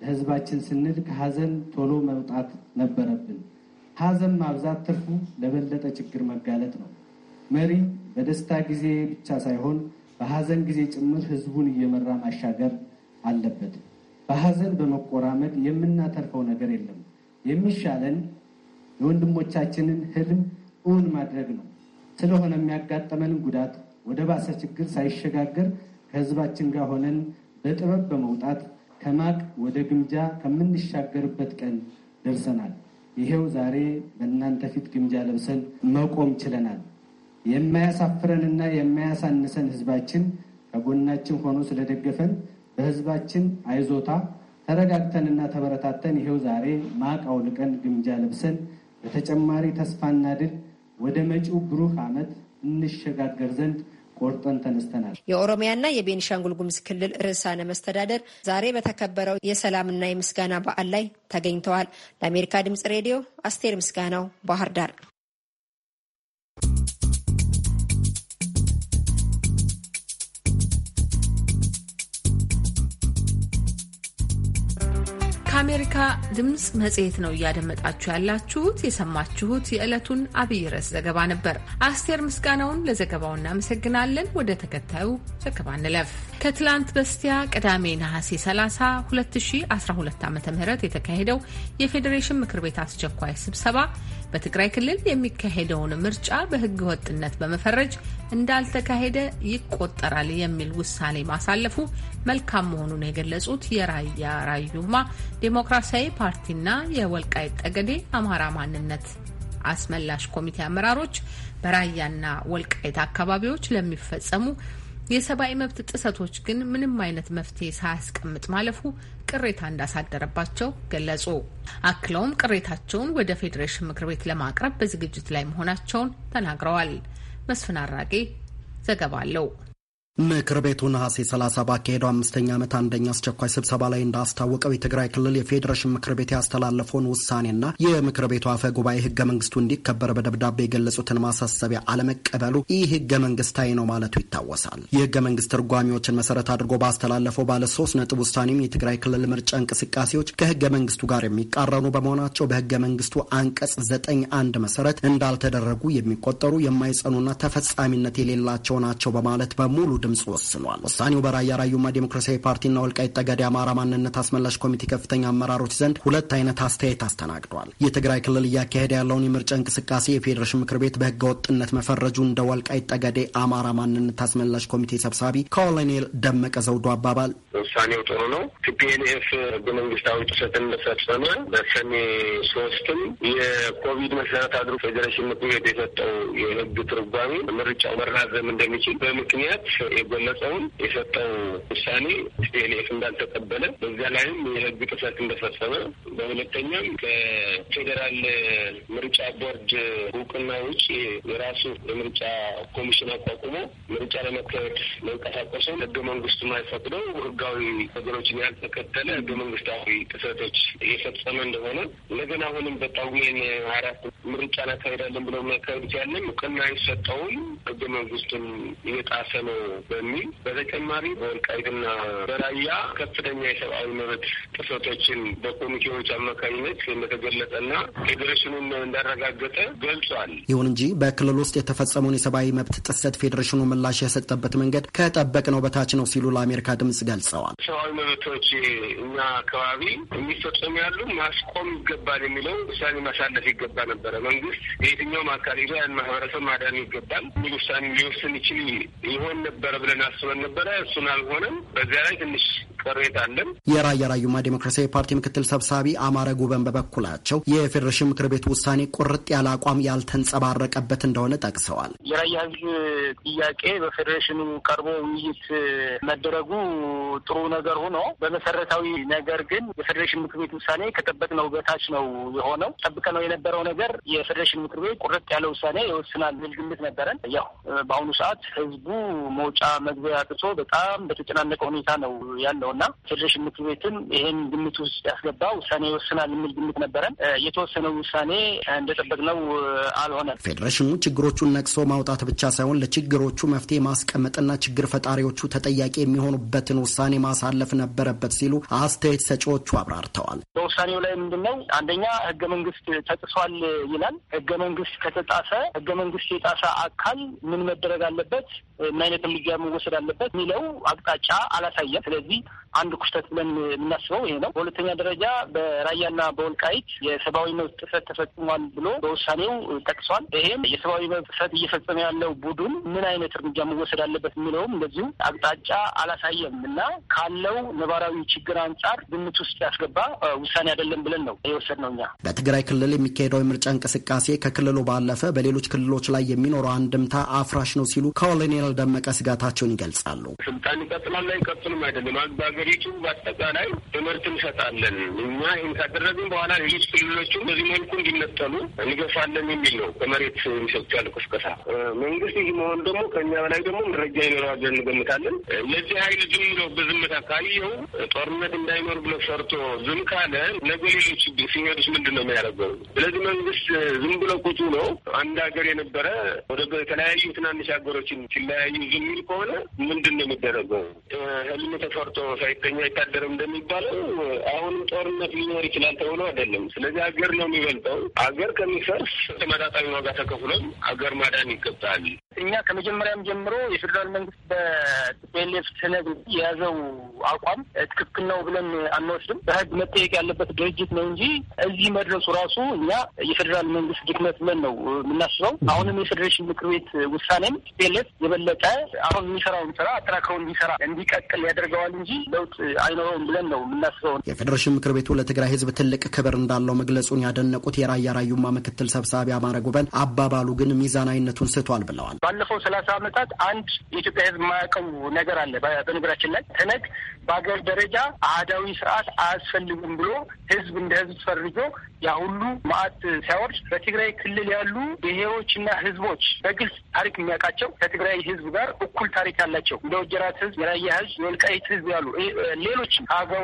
ለህዝባችን ስንል ከሀዘን ቶሎ መውጣት ነበረብን። ሀዘን ማብዛት ትርፉ ለበለጠ ችግር መጋለጥ ነው። መሪ በደስታ ጊዜ ብቻ ሳይሆን በሀዘን ጊዜ ጭምር ህዝቡን እየመራ ማሻገር አለበት። በሀዘን በመቆራመድ የምናተርፈው ነገር የለም። የሚሻለን የወንድሞቻችንን ህልም እውን ማድረግ ነው። ስለሆነ የሚያጋጠመንን ጉዳት ወደ ባሰ ችግር ሳይሸጋገር ከህዝባችን ጋር ሆነን በጥበብ በመውጣት ከማቅ ወደ ግምጃ ከምንሻገርበት ቀን ደርሰናል። ይሄው ዛሬ በእናንተ ፊት ግምጃ ለብሰን መቆም ችለናል። የማያሳፍረንና የማያሳንሰን ህዝባችን ከጎናችን ሆኖ ስለደገፈን በህዝባችን አይዞታ ተረጋግተንና ተበረታተን ይሄው ዛሬ ማቅ አውልቀን ግምጃ ለብሰን በተጨማሪ ተስፋና ድል ወደ መጪው ብሩህ ዓመት እንሸጋገር ዘንድ ቆርጠን ተነስተናል። የኦሮሚያና የቤኒሻንጉል ጉሙዝ ክልል ርዕሳነ መስተዳደር ዛሬ በተከበረው የሰላምና የምስጋና በዓል ላይ ተገኝተዋል። ለአሜሪካ ድምጽ ሬዲዮ አስቴር ምስጋናው ባህር ዳር ከአሜሪካ ድምፅ መጽሔት ነው እያደመጣችሁ ያላችሁት። የሰማችሁት የዕለቱን አብይ ርዕስ ዘገባ ነበር። አስቴር ምስጋናውን ለዘገባው እናመሰግናለን። ወደ ተከታዩ ዘገባ እንለፍ። ከትላንት በስቲያ ቅዳሜ ነሐሴ 30 2012 ዓ ም የተካሄደው የፌዴሬሽን ምክር ቤት አስቸኳይ ስብሰባ በትግራይ ክልል የሚካሄደውን ምርጫ በሕገ ወጥነት በመፈረጅ እንዳልተካሄደ ይቆጠራል የሚል ውሳኔ ማሳለፉ መልካም መሆኑን የገለጹት የራያ ራዩማ ዴሞክራሲያዊ ፓርቲና የወልቃይት ጠገዴ አማራ ማንነት አስመላሽ ኮሚቴ አመራሮች በራያና ወልቃይት አካባቢዎች ለሚፈጸሙ የሰብአዊ መብት ጥሰቶች ግን ምንም አይነት መፍትሄ ሳያስቀምጥ ማለፉ ቅሬታ እንዳሳደረባቸው ገለጹ። አክለውም ቅሬታቸውን ወደ ፌዴሬሽን ምክር ቤት ለማቅረብ በዝግጅት ላይ መሆናቸውን ተናግረዋል። መስፍን አራጌ ዘገባ አለው። ምክር ቤቱ ነሐሴ 30 ባካሄደው አምስተኛ ዓመት አንደኛ አስቸኳይ ስብሰባ ላይ እንዳስታወቀው የትግራይ ክልል የፌዴሬሽን ምክር ቤት ያስተላለፈውን ውሳኔና የምክር ቤቱ አፈ ጉባኤ ህገ መንግስቱ እንዲከበር በደብዳቤ የገለጹትን ማሳሰቢያ አለመቀበሉ ይህ ህገ መንግስታዊ ነው ማለቱ ይታወሳል። የህገ መንግስት ትርጓሚዎችን መሰረት አድርጎ ባስተላለፈው ባለ ሶስት ነጥብ ውሳኔም የትግራይ ክልል ምርጫ እንቅስቃሴዎች ከህገ መንግስቱ ጋር የሚቃረኑ በመሆናቸው በህገ መንግስቱ አንቀጽ ዘጠኝ አንድ መሰረት እንዳልተደረጉ የሚቆጠሩ የማይጸኑና ተፈጻሚነት የሌላቸው ናቸው በማለት በሙሉ ድምፅ ወስኗል። ውሳኔው በራያ ራዩማ ዴሞክራሲያዊ ፓርቲና ወልቃይት ጠገዴ አማራ ማንነት አስመላሽ ኮሚቴ ከፍተኛ አመራሮች ዘንድ ሁለት አይነት አስተያየት አስተናግዷል። የትግራይ ክልል እያካሄደ ያለውን የምርጫ እንቅስቃሴ የፌዴሬሽን ምክር ቤት በህገ ወጥነት መፈረጁ እንደ ወልቃይት ጠገዴ አማራ ማንነት አስመላሽ ኮሚቴ ሰብሳቢ ኮሎኔል ደመቀ ዘውዶ አባባል ውሳኔው ጥሩ ነው። ቲፒኤልኤፍ ህገ መንግስታዊ ጥሰት እንደፈጸመ በሰኔ ሶስትም የኮቪድ መሰረት አድሮ ፌዴሬሽን ምክር ቤት የሰጠው የህግ ትርጓሜ ምርጫው መራዘም እንደሚችል በምክንያት የጎለጸውን የሰጠው ውሳኔ ቲፒኤልኤፍ እንዳልተቀበለ በዚያ ላይም የህግ ጥሰት እንደፈጸመ፣ በሁለተኛም ከፌዴራል ምርጫ ቦርድ እውቅና ውጭ የራሱ የምርጫ ኮሚሽን አቋቁሞ ምርጫ ለመካሄድ መንቀሳቀሱ ህገ መንግስቱ ማይፈቅደው ህጋዊ ነገሮችን ያልተከተለ ህገ መንግስታዊ ጥሰቶች እየፈጸመ እንደሆነ እንደገና አሁንም በጳጉሜን አራት ምርጫን አካሄዳለን ብለው የሚያካሄዱት ያለም እውቅና አይሰጠውም፣ ህገ መንግስቱን እየጣሰ ነው በሚል በተጨማሪ በወልቃይትና በራያ ከፍተኛ የሰብአዊ መብት ጥሰቶችን በኮሚቴዎች አማካኝነት እንደተገለጠና ፌዴሬሽኑን እንዳረጋገጠ ገልጿል። ይሁን እንጂ በክልል ውስጥ የተፈጸመውን የሰብአዊ መብት ጥሰት ፌዴሬሽኑ ምላሽ የሰጠበት መንገድ ከጠበቅነው በታች ነው ሲሉ ለአሜሪካ ድምጽ ገልጸዋል። ሰብአዊ መብቶች እኛ አካባቢ የሚፈጸሙ ያሉ ማስቆም ይገባል የሚለው ውሳኔ ማሳለፍ ይገባ ነበረ። መንግስት የትኛውም አካል ያን ማህበረሰብ ማዳን ይገባል የሚል ውሳኔ ሊወስን ይችል ይሆን ነበረ ብለን አስበን ነበረ። እሱን አልሆነም። በዚያ ላይ ትንሽ የራያ ራዩማ ዴሞክራሲያዊ ፓርቲ ምክትል ሰብሳቢ አማረ ጉበን በበኩላቸው የፌዴሬሽን ምክር ቤት ውሳኔ ቁርጥ ያለ አቋም ያልተንጸባረቀበት እንደሆነ ጠቅሰዋል። የራያ ሕዝብ ጥያቄ በፌዴሬሽኑ ቀርቦ ውይይት መደረጉ ጥሩ ነገር ሆኖ በመሰረታዊ ነገር ግን የፌዴሬሽን ምክር ቤት ውሳኔ ከጠበቅነው በታች ነው የሆነው። ጠብቀነው የነበረው ነገር የፌዴሬሽን ምክር ቤት ቁርጥ ያለ ውሳኔ ይወስናል የሚል ግምት ነበረን። ያው በአሁኑ ሰዓት ሕዝቡ መውጫ መውጫ መግቢያ አጥቶ በጣም በተጨናነቀ ሁኔታ ነው ያለው እና ፌዴሬሽን ምክር ቤትም ይሄን ግምት ውስጥ ያስገባ ውሳኔ ይወስናል የሚል ግምት ነበረን። የተወሰነው ውሳኔ እንደጠበቅነው አልሆነም። ፌዴሬሽኑ ችግሮቹን ነቅሶ ማውጣት ብቻ ሳይሆን ለችግሮቹ መፍትሄ ማስቀመጥና ችግር ፈጣሪዎቹ ተጠያቂ የሚሆኑበትን ውሳኔ ማሳለፍ ነበረበት ሲሉ አስተያየት ሰጪዎቹ አብራርተዋል። በውሳኔው ላይ ምንድን ነው አንደኛ ህገ መንግስት ተጥሷል ይላል። ህገ መንግስት ከተጣሰ ህገ መንግስት የጣሰ አካል ምን መደረግ አለበት? ምን አይነት እርምጃ መወሰድ አለበት የሚለው አቅጣጫ አላሳየም። ስለዚህ አንዱ ክፍተት ብለን የምናስበው ይሄ ነው። በሁለተኛ ደረጃ በራያና በወልቃይት የሰብአዊ መብት ጥሰት ተፈጽሟል ብሎ በውሳኔው ጠቅሷል። ይሄም የሰብአዊ መብት ጥሰት እየፈጸመ ያለው ቡድን ምን አይነት እርምጃ መወሰድ አለበት የሚለውም እንደዚሁ አቅጣጫ አላሳየም እና ካለው ነባራዊ ችግር አንጻር ግምት ውስጥ ያስገባ ውሳኔ አይደለም ብለን ነው የወሰድነው እኛ። በትግራይ ክልል የሚካሄደው የምርጫ እንቅስቃሴ ከክልሉ ባለፈ በሌሎች ክልሎች ላይ የሚኖረው አንድምታ አፍራሽ ነው ሲሉ ኮሎኔል ደመቀ ስጋታቸውን ይገልጻሉ። ስልጣን ይቀጥላል አይቀጥልም አይደለም በሀገሪቱ በአጠቃላይ ትምህርት እንሰጣለን። እኛ ይህን ካደረግን በኋላ ሌሎች ክልሎቹ በዚህ መልኩ እንዲነጠሉ እንገፋለን የሚል ነው። ከመሬት የሚሰጡ ያለ ቅስቀሳ መንግስት ይህ መሆኑ ደግሞ ከእኛ በላይ ደግሞ መረጃ ይኖረዋል ብለን እንገምታለን። ለዚህ ሀይል ዝም ብሎ በዝምታ ካየው ጦርነት እንዳይኖር ብሎ ሰርቶ ዝም ካለ ነገ ሌሎች ሲሄዱስ ምንድን ነው የሚያደርገው? ስለዚህ መንግስት ዝም ብሎ ቁጭ ብሎ አንድ ሀገር የነበረ ወደ የተለያዩ ትናንሽ ሀገሮችን ሲለያዩ ዝም ይል ከሆነ ምንድን ነው የሚደረገው? ህልም ተፈርቶ ሳይ ሁለተኛ አይታደርም እንደሚባለው አሁንም ጦርነት ሊኖር ይችላል ተብሎ አይደለም። ስለዚህ ሀገር ነው የሚበልጠው። ሀገር ከሚፈርስ ተመጣጣሚ ዋጋ ተከፍሎም ሀገር ማዳን ይገባል። እኛ ከመጀመሪያም ጀምሮ የፌዴራል መንግስት በቲፒኤልኤፍ ሰነድ የያዘው አቋም ትክክል ነው ብለን አንወስድም። በህግ መጠየቅ ያለበት ድርጅት ነው እንጂ እዚህ መድረሱ ራሱ እኛ የፌዴራል መንግስት ድክመት ብለን ነው የምናስበው። አሁንም የፌዴሬሽን ምክር ቤት ውሳኔም ቲፒኤልኤፍ የበለጠ አሁን የሚሰራውን ስራ አጠናክረው እንዲሰራ እንዲቀጥል ያደርገዋል እንጂ ለውጥ አይኖረውም ብለን ነው የምናስበው። የፌዴሬሽን ምክር ቤቱ ለትግራይ ህዝብ ትልቅ ክብር እንዳለው መግለጹን ያደነቁት የራያ ራዩማ ምክትል ሰብሳቢ አማረ ጉበን አባባሉ ግን ሚዛናዊነቱን ስቷል ብለዋል። ባለፈው ሰላሳ ዓመታት አንድ የኢትዮጵያ ህዝብ የማያውቀው ነገር አለ። በነገራችን ላይ ትነግ በሀገር ደረጃ አህዳዊ ስርዓት አያስፈልግም ብሎ ህዝብ እንደ ህዝብ ፈርጆ ያ ሁሉ መዓት ሲያወርድ በትግራይ ክልል ያሉ ብሔሮችና ህዝቦች በግልጽ ታሪክ የሚያውቃቸው ከትግራይ ህዝብ ጋር እኩል ታሪክ ያላቸው እንደ ወጀራት ህዝብ፣ የራያ ህዝብ፣ የወልቃይት ህዝብ ያሉ ሌሎች ከሀገሩ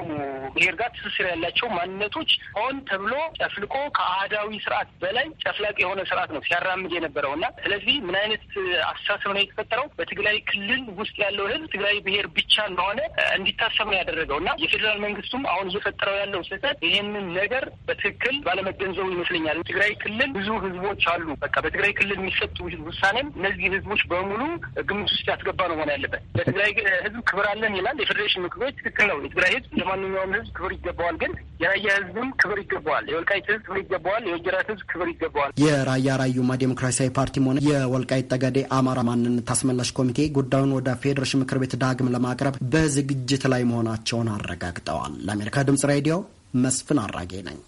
ብሔር ጋር ትስስር ያላቸው ማንነቶች ሆን ተብሎ ጨፍልቆ ከአህዳዊ ስርዓት በላይ ጨፍላቅ የሆነ ስርዓት ነው ሲያራምድ የነበረው እና ስለዚህ ምን አይነት አስተሳሰብ ነው የተፈጠረው? በትግራይ ክልል ውስጥ ያለው ህዝብ ትግራይ ብሔር ብቻ እንደሆነ እንዲታሰብ ነው ያደረገው እና የፌዴራል መንግስቱም አሁን እየፈጠረው ያለው ስህተት ይህንን ነገር በትክክል ባለመገንዘቡ ይመስለኛል። ትግራይ ክልል ብዙ ህዝቦች አሉ። በቃ በትግራይ ክልል የሚሰጡ ውሳኔም እነዚህ ህዝቦች በሙሉ ግምት ውስጥ ያስገባ ነው መሆን ያለበት። በትግራይ ህዝብ ክብር አለን ይላል የፌዴሬሽን ምክር ጉዳይ ትክክል ነው። የትግራይ ህዝብ ለማንኛውም ህዝብ ክብር ይገባዋል። ግን የራያ ህዝብም ክብር ይገባዋል። የወልቃይት ህዝብ ክብር ይገባዋል። የወጀራት ህዝብ ክብር ይገባዋል። የራያ ራዩማ ዴሞክራሲያዊ ፓርቲም ሆነ የወልቃይት ጠገዴ አማራ ማንነት አስመላሽ ኮሚቴ ጉዳዩን ወደ ፌዴሬሽን ምክር ቤት ዳግም ለማቅረብ በዝግጅት ላይ መሆናቸውን አረጋግጠዋል። ለአሜሪካ ድምጽ ሬዲዮ መስፍን አራጌ ነኝ።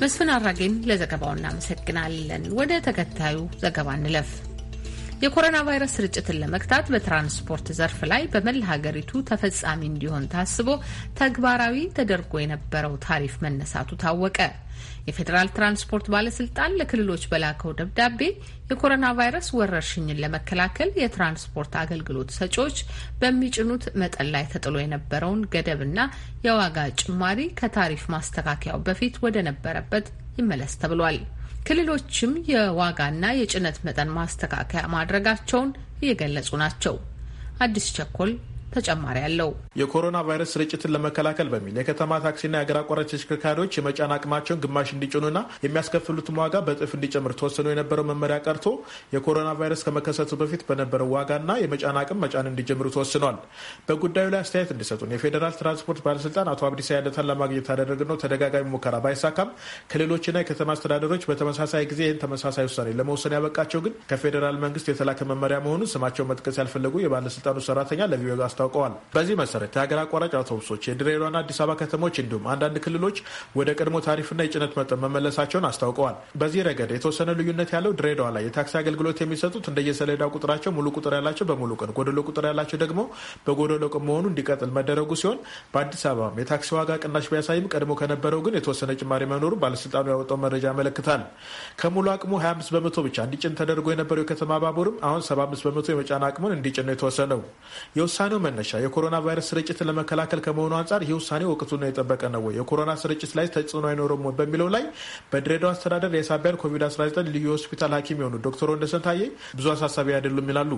መስፍን አራጌን ለዘገባው እናመሰግናለን። ወደ ተከታዩ ዘገባ እንለፍ። የኮሮና ቫይረስ ስርጭትን ለመግታት በትራንስፖርት ዘርፍ ላይ በመላ ሀገሪቱ ተፈጻሚ እንዲሆን ታስቦ ተግባራዊ ተደርጎ የነበረው ታሪፍ መነሳቱ ታወቀ። የፌዴራል ትራንስፖርት ባለስልጣን ለክልሎች በላከው ደብዳቤ የኮሮና ቫይረስ ወረርሽኝን ለመከላከል የትራንስፖርት አገልግሎት ሰጪዎች በሚጭኑት መጠን ላይ ተጥሎ የነበረውን ገደብና የዋጋ ጭማሪ ከታሪፍ ማስተካከያው በፊት ወደ ነበረበት ይመለስ ተብሏል። ክልሎችም የዋጋና የጭነት መጠን ማስተካከያ ማድረጋቸውን እየገለጹ ናቸው። አዲስ ቸኮል ተጨማሪ አለው። የኮሮና ቫይረስ ስርጭትን ለመከላከል በሚል የከተማ ታክሲና የአገር አቋራጭ ተሽከርካሪዎች የመጫን አቅማቸውን ግማሽ እንዲጭኑና የሚያስከፍሉትም ዋጋ በእጥፍ እንዲጨምር ተወስኖ የነበረው መመሪያ ቀርቶ የኮሮና ቫይረስ ከመከሰቱ በፊት በነበረው ዋጋና የመጫን አቅም መጫን እንዲጀምሩ ተወስኗል። በጉዳዩ ላይ አስተያየት እንዲሰጡን የፌዴራል ትራንስፖርት ባለስልጣን አቶ አብዲሳ ያለታን ለማግኘት ያደረግነው ተደጋጋሚ ሙከራ ባይሳካም ክልሎችና የከተማ አስተዳደሮች በተመሳሳይ ጊዜ ይህን ተመሳሳይ ውሳኔ ለመወሰን ያበቃቸው ግን ከፌዴራል መንግስት የተላከ መመሪያ መሆኑን ስማቸው መጥቀስ ያልፈለጉ የባለስልጣኑ ሰራተኛ ለቪዮ አስታወ አስታውቀዋል። በዚህ መሰረት የሀገር አቋራጭ አውቶቡሶች የድሬዳዋና አዲስ አበባ ከተሞች እንዲሁም አንዳንድ ክልሎች ወደ ቀድሞ ታሪፍና የጭነት መጠን መመለሳቸውን አስታውቀዋል። በዚህ ረገድ የተወሰነ ልዩነት ያለው ድሬዳዋ ላይ የታክሲ አገልግሎት የሚሰጡት እንደየሰሌዳ ቁጥራቸው ሙሉ ቁጥር ያላቸው በሙሉ ቀን፣ ጎደሎ ቁጥር ያላቸው ደግሞ በጎደሎ ቀን መሆኑ እንዲቀጥል መደረጉ ሲሆን በአዲስ አበባም የታክሲ ዋጋ ቅናሽ ቢያሳይም ቀድሞ ከነበረው ግን የተወሰነ ጭማሪ መኖሩ ባለስልጣኑ ያወጣው መረጃ ያመለክታል። ከሙሉ አቅሙ 25 በመቶ ብቻ እንዲጭን ተደርጎ የነበረው የከተማ ባቡርም አሁን 75 በመቶ የመጫን አቅሙን እንዲጭን ነው የተወሰነው። የውሳኔው መነሻ የኮሮና ቫይረስ ስርጭትን ለመከላከል ከመሆኑ አንጻር ይህ ውሳኔ ወቅቱን የጠበቀ ነው ወይ፣ የኮሮና ስርጭት ላይ ተጽዕኖ አይኖርም በሚለው ላይ በድሬዳዋ አስተዳደር የሳቢያን ኮቪድ-19 ልዩ ሆስፒታል ሐኪም የሆኑ ዶክተር ወንደሰን ታዬ ብዙ አሳሳቢ አይደሉም ይላሉ።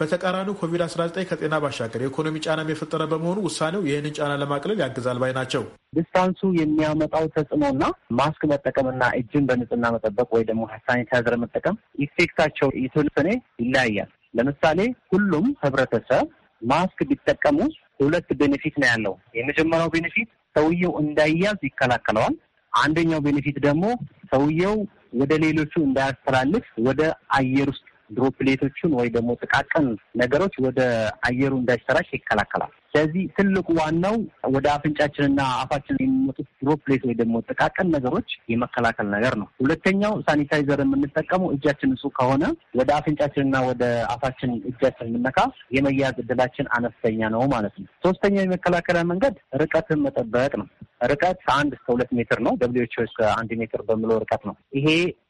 በተቃራኒው ኮቪድ-19 ከጤና ባሻገር የኢኮኖሚ ጫናም የፈጠረ በመሆኑ ውሳኔው ይህንን ጫና ለማቅለል ያግዛል ባይ ናቸው። ዲስታንሱ የሚያመጣው ተጽዕኖና ማስክ መጠቀምና እጅን በንጽህና መጠበቅ ወይ ደግሞ ሳኒታይዘር መጠቀም ኢፌክታቸው የተወሰነ ይለያያል። ለምሳሌ ሁሉም ህብረተሰብ ማስክ ቢጠቀሙ ሁለት ቤኔፊት ነው ያለው። የመጀመሪያው ቤኔፊት ሰውየው እንዳይያዝ ይከላከለዋል። አንደኛው ቤኔፊት ደግሞ ሰውየው ወደ ሌሎቹ እንዳያስተላልፍ ወደ አየር ውስጥ ድሮፕሌቶቹን ወይ ደግሞ ጥቃቅን ነገሮች ወደ አየሩ እንዳይሰራጭ ይከላከላል። ስለዚህ ትልቁ ዋናው ወደ አፍንጫችንና አፋችን የሚመጡት ድሮፕሌት ወይ ደግሞ ጥቃቅን ነገሮች የመከላከል ነገር ነው። ሁለተኛው ሳኒታይዘር የምንጠቀመው እጃችን እሱ ከሆነ ወደ አፍንጫችንና ወደ አፋችን እጃችን የምነካ የመያዝ እድላችን አነስተኛ ነው ማለት ነው። ሶስተኛው የመከላከያ መንገድ ርቀትን መጠበቅ ነው። ርቀት ከአንድ እስከ ሁለት ሜትር ነው። ደብሊዎች እስከ አንድ ሜትር በምለው ርቀት ነው። ይሄ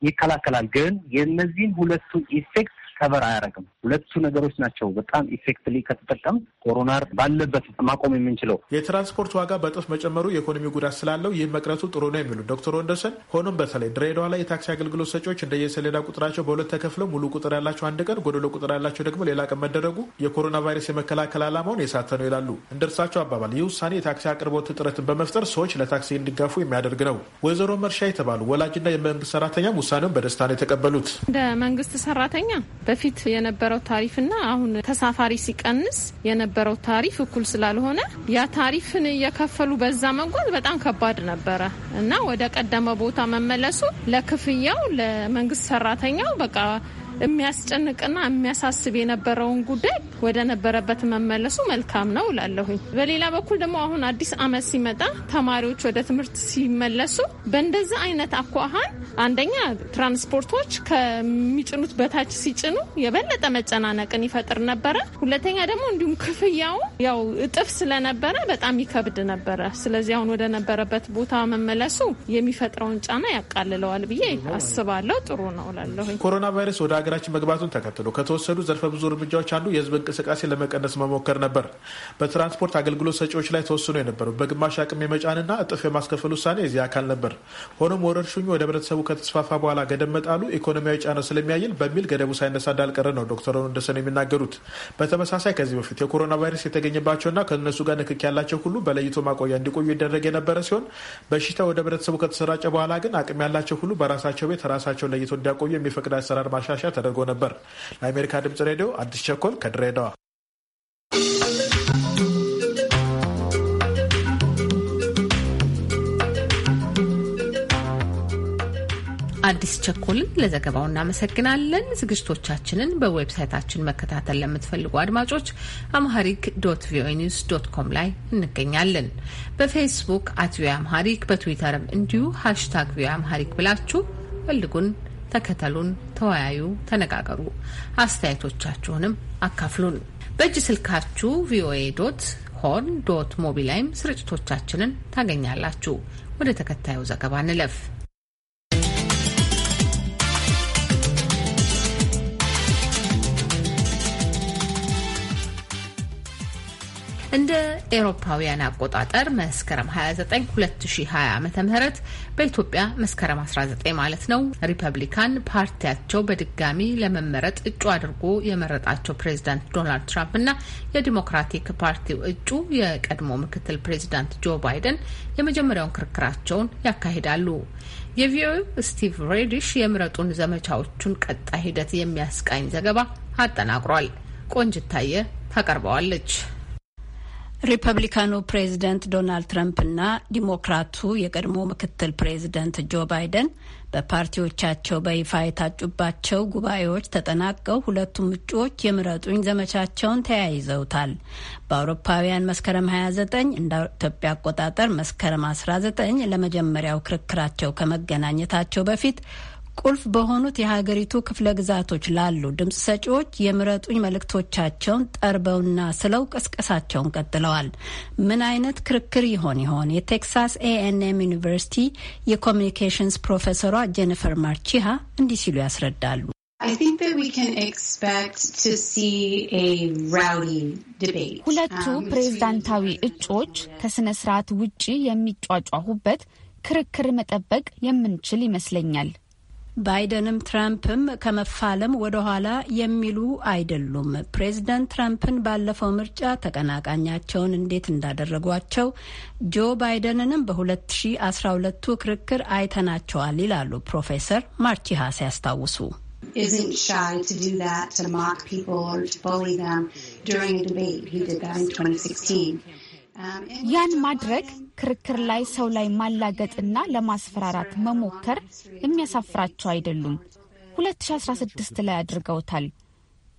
ይከላከላል። ግን የእነዚህን ሁለቱ ኢፌክት ከበር አያደርግም። ሁለቱ ነገሮች ናቸው በጣም ኢፌክትሊ ከተጠቀም ኮሮናር ባለበት ማቆም የምንችለው። የትራንስፖርት ዋጋ በእጥፍ መጨመሩ የኢኮኖሚ ጉዳት ስላለው ይህ መቅረቱ ጥሩ ነው የሚሉት ዶክተር ወንደርሰን ሆኖም በተለይ ድሬዳዋ ላይ የታክሲ አገልግሎት ሰጪዎች የሰሌዳ ቁጥራቸው በሁለት ተከፍለው ሙሉ ቁጥር ያላቸው አንድ ቀን፣ ጎደሎ ቁጥር ያላቸው ደግሞ ሌላ ቀን መደረጉ የኮሮና ቫይረስ የመከላከል ዓላማውን የሳተ ነው ይላሉ። እንደ እርሳቸው አባባል ይህ ውሳኔ የታክሲ አቅርቦት እጥረትን በመፍጠር ሰዎች ለታክሲ እንዲጋፉ የሚያደርግ ነው። ወይዘሮ መርሻ የተባሉ ወላጅና የመንግስት ሰራተኛም ውሳኔውን በደስታ ነው የተቀበሉት። እንደ መንግስት ሰራተኛ በፊት የነበረው ታሪፍና አሁን ተሳፋሪ ሲቀንስ የነበረው ታሪፍ እኩል ስላልሆነ ያ ታሪፍን እየከፈሉ በዛ መጓዝ በጣም ከባድ ነበረ እና ወደ ቀደመ ቦታ መመለሱ ለክፍያው ለመንግስት ሰራተኛው በቃ የሚያስጨንቅና የሚያሳስብ የነበረውን ጉዳይ ወደ ነበረበት መመለሱ መልካም ነው እላለሁኝ። በሌላ በኩል ደግሞ አሁን አዲስ ዓመት ሲመጣ ተማሪዎች ወደ ትምህርት ሲመለሱ በእንደዚህ አይነት አኳኋን አንደኛ ትራንስፖርቶች ከሚጭኑት በታች ሲጭኑ የበለጠ መጨናነቅን ይፈጥር ነበረ። ሁለተኛ ደግሞ እንዲሁም ክፍያው ያው እጥፍ ስለነበረ በጣም ይከብድ ነበረ። ስለዚህ አሁን ወደ ነበረበት ቦታ መመለሱ የሚፈጥረውን ጫና ያቃልለዋል ብዬ አስባለሁ። ጥሩ ነው ላለሁኝ ኮሮና ቫይረስ ወደ ሀገራችን መግባቱን ተከትሎ ከተወሰዱ ዘርፈ ብዙ እርምጃዎች አንዱ የህዝብ እንቅስቃሴ ለመቀነስ መሞከር ነበር። በትራንስፖርት አገልግሎት ሰጪዎች ላይ ተወስኖ የነበረው በግማሽ አቅም የመጫንና እጥፍ የማስከፈል ውሳኔ የዚህ አካል ነበር። ሆኖም ወረርሽኙ ወደ ህብረተሰቡ ከተስፋፋ በኋላ ገደብ መጣሉ ኢኮኖሚያዊ ጫና ስለሚያይል በሚል ገደቡ ሳይነሳ እንዳልቀረ ነው ዶክተር ወንደሰን የሚናገሩት። በተመሳሳይ ከዚህ በፊት የኮሮና ቫይረስ የተገኘባቸውና ከእነሱ ጋር ንክክ ያላቸው ሁሉ በለይቶ ማቆያ እንዲቆዩ ይደረግ የነበረ ሲሆን በሽታ ወደ ህብረተሰቡ ከተሰራጨ በኋላ ግን አቅም ያላቸው ሁሉ በራሳቸው ቤት ራሳቸው ለይቶ እንዲያቆዩ የሚፈቅድ አሰራር ማሻሻል ተደርጎ ነበር። ለአሜሪካ ድምጽ ሬዲዮ አዲስ ቸኮል ከድሬዳዋ። አዲስ ቸኮልን ለዘገባው እናመሰግናለን። ዝግጅቶቻችንን በዌብሳይታችን መከታተል ለምትፈልጉ አድማጮች አምሃሪክ ዶት ቪኦኤ ኒውስ ዶት ኮም ላይ እንገኛለን። በፌስቡክ አት ቪኦኤ አምሃሪክ፣ በትዊተርም እንዲሁ ሃሽታግ ቪኦኤ አምሃሪክ ብላችሁ ፈልጉን ተከተሉን፣ ተወያዩ፣ ተነጋገሩ። አስተያየቶቻችሁንም አካፍሉን። በእጅ ስልካችሁ ቪኦኤ ዶት ሆን ዶት ሞቢ ላይም ስርጭቶቻችንን ታገኛላችሁ። ወደ ተከታዩ ዘገባ እንለፍ። እንደ ኤሮፓውያን አቆጣጠር መስከረም 29 2020 ዓ ም በኢትዮጵያ መስከረም 19 ማለት ነው ሪፐብሊካን ፓርቲያቸው በድጋሚ ለመመረጥ እጩ አድርጎ የመረጣቸው ፕሬዚዳንት ዶናልድ ትራምፕ እና የዲሞክራቲክ ፓርቲው እጩ የቀድሞ ምክትል ፕሬዚዳንት ጆ ባይደን የመጀመሪያውን ክርክራቸውን ያካሂዳሉ። የቪኦኤው ስቲቭ ሬዲሽ የምረጡን ዘመቻዎቹን ቀጣይ ሂደት የሚያስቃኝ ዘገባ አጠናቅሯል። ቆንጅታየ ታቀርበዋለች። ሪፐብሊካኑ ፕሬዝደንት ዶናልድ እና ዲሞክራቱ የቀድሞ ምክትል ፕሬዝደንት ጆ ባይደን በፓርቲዎቻቸው በይፋ የታጩባቸው ጉባኤዎች ተጠናቀው ሁለቱም እጩዎች የምረጡኝ ዘመቻቸውን ተያይዘውታል። በአውሮፓውያን መስከረም 29 እንደ ኢትዮጵያ አቆጣጠር መስከረም 19 ለመጀመሪያው ክርክራቸው ከመገናኘታቸው በፊት ቁልፍ በሆኑት የሀገሪቱ ክፍለ ግዛቶች ላሉ ድምፅ ሰጪዎች የምረጡኝ መልእክቶቻቸውን ጠርበውና ስለው ቅስቀሳቸውን ቀጥለዋል። ምን አይነት ክርክር ይሆን ይሆን? የቴክሳስ ኤኤንኤም ዩኒቨርሲቲ የኮሚኒኬሽንስ ፕሮፌሰሯ ጄኒፈር ማርቺሃ እንዲህ ሲሉ ያስረዳሉ። ሁለቱ um, ፕሬዝዳንታዊ እጩዎች ከስነ ስርዓት ውጪ የሚጫጫሁበት ክርክር መጠበቅ የምንችል ይመስለኛል። ባይደንም ትራምፕም ከመፋለም ወደኋላ የሚሉ አይደሉም። ፕሬዚዳንት ትራምፕን ባለፈው ምርጫ ተቀናቃኛቸውን እንዴት እንዳደረጓቸው ጆ ባይደንንም በ2012ቱ ክርክር አይተናቸዋል ይላሉ ፕሮፌሰር ማርቺሃ ሲያስታውሱ። ያን ማድረግ ክርክር ላይ ሰው ላይ ማላገጥና ለማስፈራራት መሞከር የሚያሳፍራቸው አይደሉም። 2016 ላይ አድርገውታል።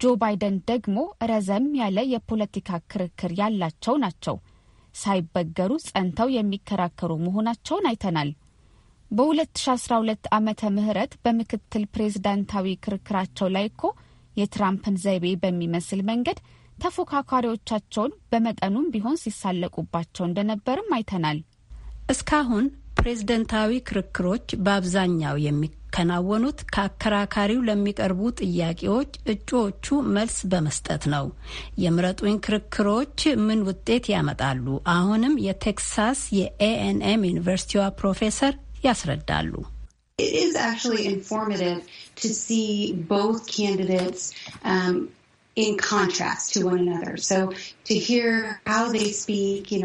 ጆ ባይደን ደግሞ ረዘም ያለ የፖለቲካ ክርክር ያላቸው ናቸው። ሳይበገሩ ጸንተው የሚከራከሩ መሆናቸውን አይተናል። በ2012 ዓመተ ምህረት በምክትል ፕሬዝዳንታዊ ክርክራቸው ላይ እኮ የትራምፕን ዘይቤ በሚመስል መንገድ ተፎካካሪዎቻቸውን በመጠኑም ቢሆን ሲሳለቁባቸው እንደነበርም አይተናል። እስካሁን ፕሬዝደንታዊ ክርክሮች በአብዛኛው የሚከናወኑት ከአከራካሪው ለሚቀርቡ ጥያቄዎች እጩዎቹ መልስ በመስጠት ነው። የምረጡኝ ክርክሮች ምን ውጤት ያመጣሉ? አሁንም የቴክሳስ የኤኤንኤም ዩኒቨርሲቲዋ ፕሮፌሰር ያስረዳሉ። It is actually informative to see both candidates um,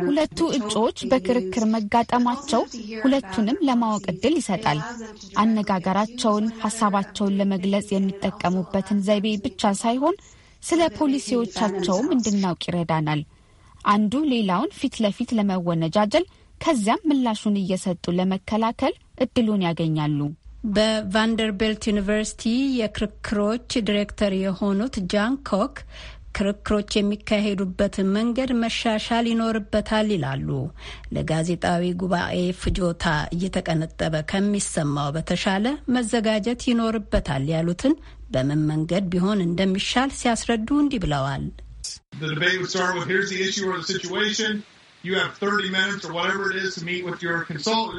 ሁለቱ እጩዎች በክርክር መጋጠማቸው ሁለቱንም ለማወቅ እድል ይሰጣል። አነጋገራቸውን፣ ሀሳባቸውን ለመግለጽ የሚጠቀሙበትን ዘይቤ ብቻ ሳይሆን ስለ ፖሊሲዎቻቸውም እንድናውቅ ይረዳናል። አንዱ ሌላውን ፊት ለፊት ለመወነጃጀል ከዚያም ምላሹን እየሰጡ ለመከላከል እድሉን ያገኛሉ። በቫንደርቤልት ዩኒቨርሲቲ የክርክሮች ዲሬክተር የሆኑት ጃን ኮክ ክርክሮች የሚካሄዱበት መንገድ መሻሻል ይኖርበታል ይላሉ። ለጋዜጣዊ ጉባኤ ፍጆታ እየተቀነጠበ ከሚሰማው በተሻለ መዘጋጀት ይኖርበታል ያሉትን በምን መንገድ ቢሆን እንደሚሻል ሲያስረዱ እንዲህ ብለዋል።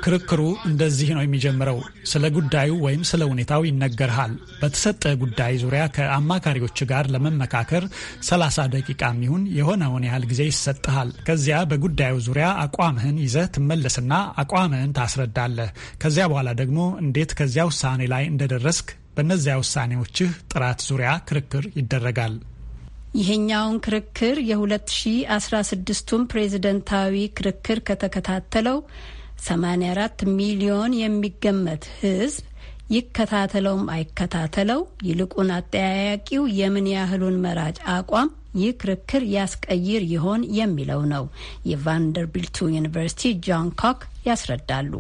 ክርክሩ እንደዚህ ነው የሚጀምረው። ስለ ጉዳዩ ወይም ስለ ሁኔታው ይነገርሃል። በተሰጠ ጉዳይ ዙሪያ ከአማካሪዎች ጋር ለመመካከር 30 ደቂቃ የሚሆን የሆነውን ያህል ጊዜ ይሰጥሃል። ከዚያ በጉዳዩ ዙሪያ አቋምህን ይዘህ ትመለስና አቋምህን ታስረዳለህ። ከዚያ በኋላ ደግሞ እንዴት ከዚያ ውሳኔ ላይ እንደደረስክ በእነዚያ ውሳኔዎችህ ጥራት ዙሪያ ክርክር ይደረጋል። ይሄኛውን ክርክር የ2016ቱን ፕሬዝደንታዊ ክርክር ከተከታተለው 84 ሚሊዮን የሚገመት ህዝብ ይከታተለውም አይከታተለው፣ ይልቁን አጠያያቂው የምን ያህሉን መራጭ አቋም ይህ ክርክር ያስቀይር ይሆን የሚለው ነው። የቫንደርቢልቱ ዩኒቨርሲቲ ጆን ኮክ ያስረዳሉ።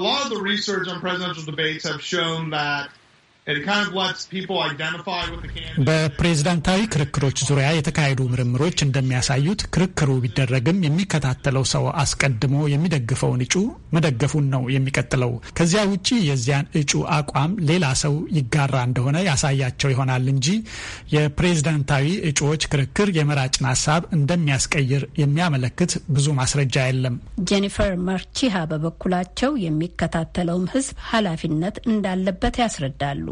A lot of the research on presidential debates have shown that በፕሬዝዳንታዊ ክርክሮች ዙሪያ የተካሄዱ ምርምሮች እንደሚያሳዩት ክርክሩ ቢደረግም የሚከታተለው ሰው አስቀድሞ የሚደግፈውን እጩ መደገፉን ነው የሚቀጥለው። ከዚያ ውጪ የዚያን እጩ አቋም ሌላ ሰው ይጋራ እንደሆነ ያሳያቸው ይሆናል እንጂ የፕሬዝዳንታዊ እጩዎች ክርክር የመራጭን ሀሳብ እንደሚያስቀይር የሚያመለክት ብዙ ማስረጃ የለም። ጄኒፈር መርቺሃ በበኩላቸው የሚከታተለውም ሕዝብ ኃላፊነት እንዳለበት ያስረዳሉ።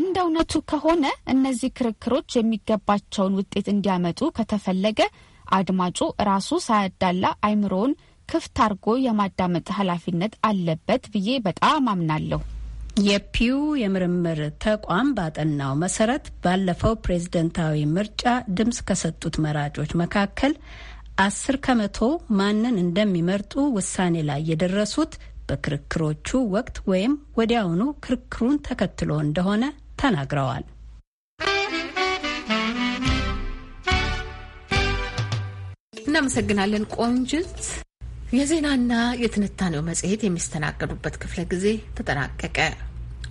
እንደ እውነቱ ከሆነ እነዚህ ክርክሮች የሚገባቸውን ውጤት እንዲያመጡ ከተፈለገ አድማጩ ራሱ ሳያዳላ አይምሮውን ክፍት አድርጎ የማዳመጥ ኃላፊነት አለበት ብዬ በጣም አምናለሁ። የፒው የምርምር ተቋም ባጠናው መሰረት ባለፈው ፕሬዝደንታዊ ምርጫ ድምፅ ከሰጡት መራጮች መካከል አስር ከመቶ ማንን እንደሚመርጡ ውሳኔ ላይ የደረሱት በክርክሮቹ ወቅት ወይም ወዲያውኑ ክርክሩን ተከትሎ እንደሆነ ተናግረዋል። እናመሰግናለን ቆንጅት። የዜናና የትንታኔው መጽሔት የሚስተናገዱበት ክፍለ ጊዜ ተጠናቀቀ።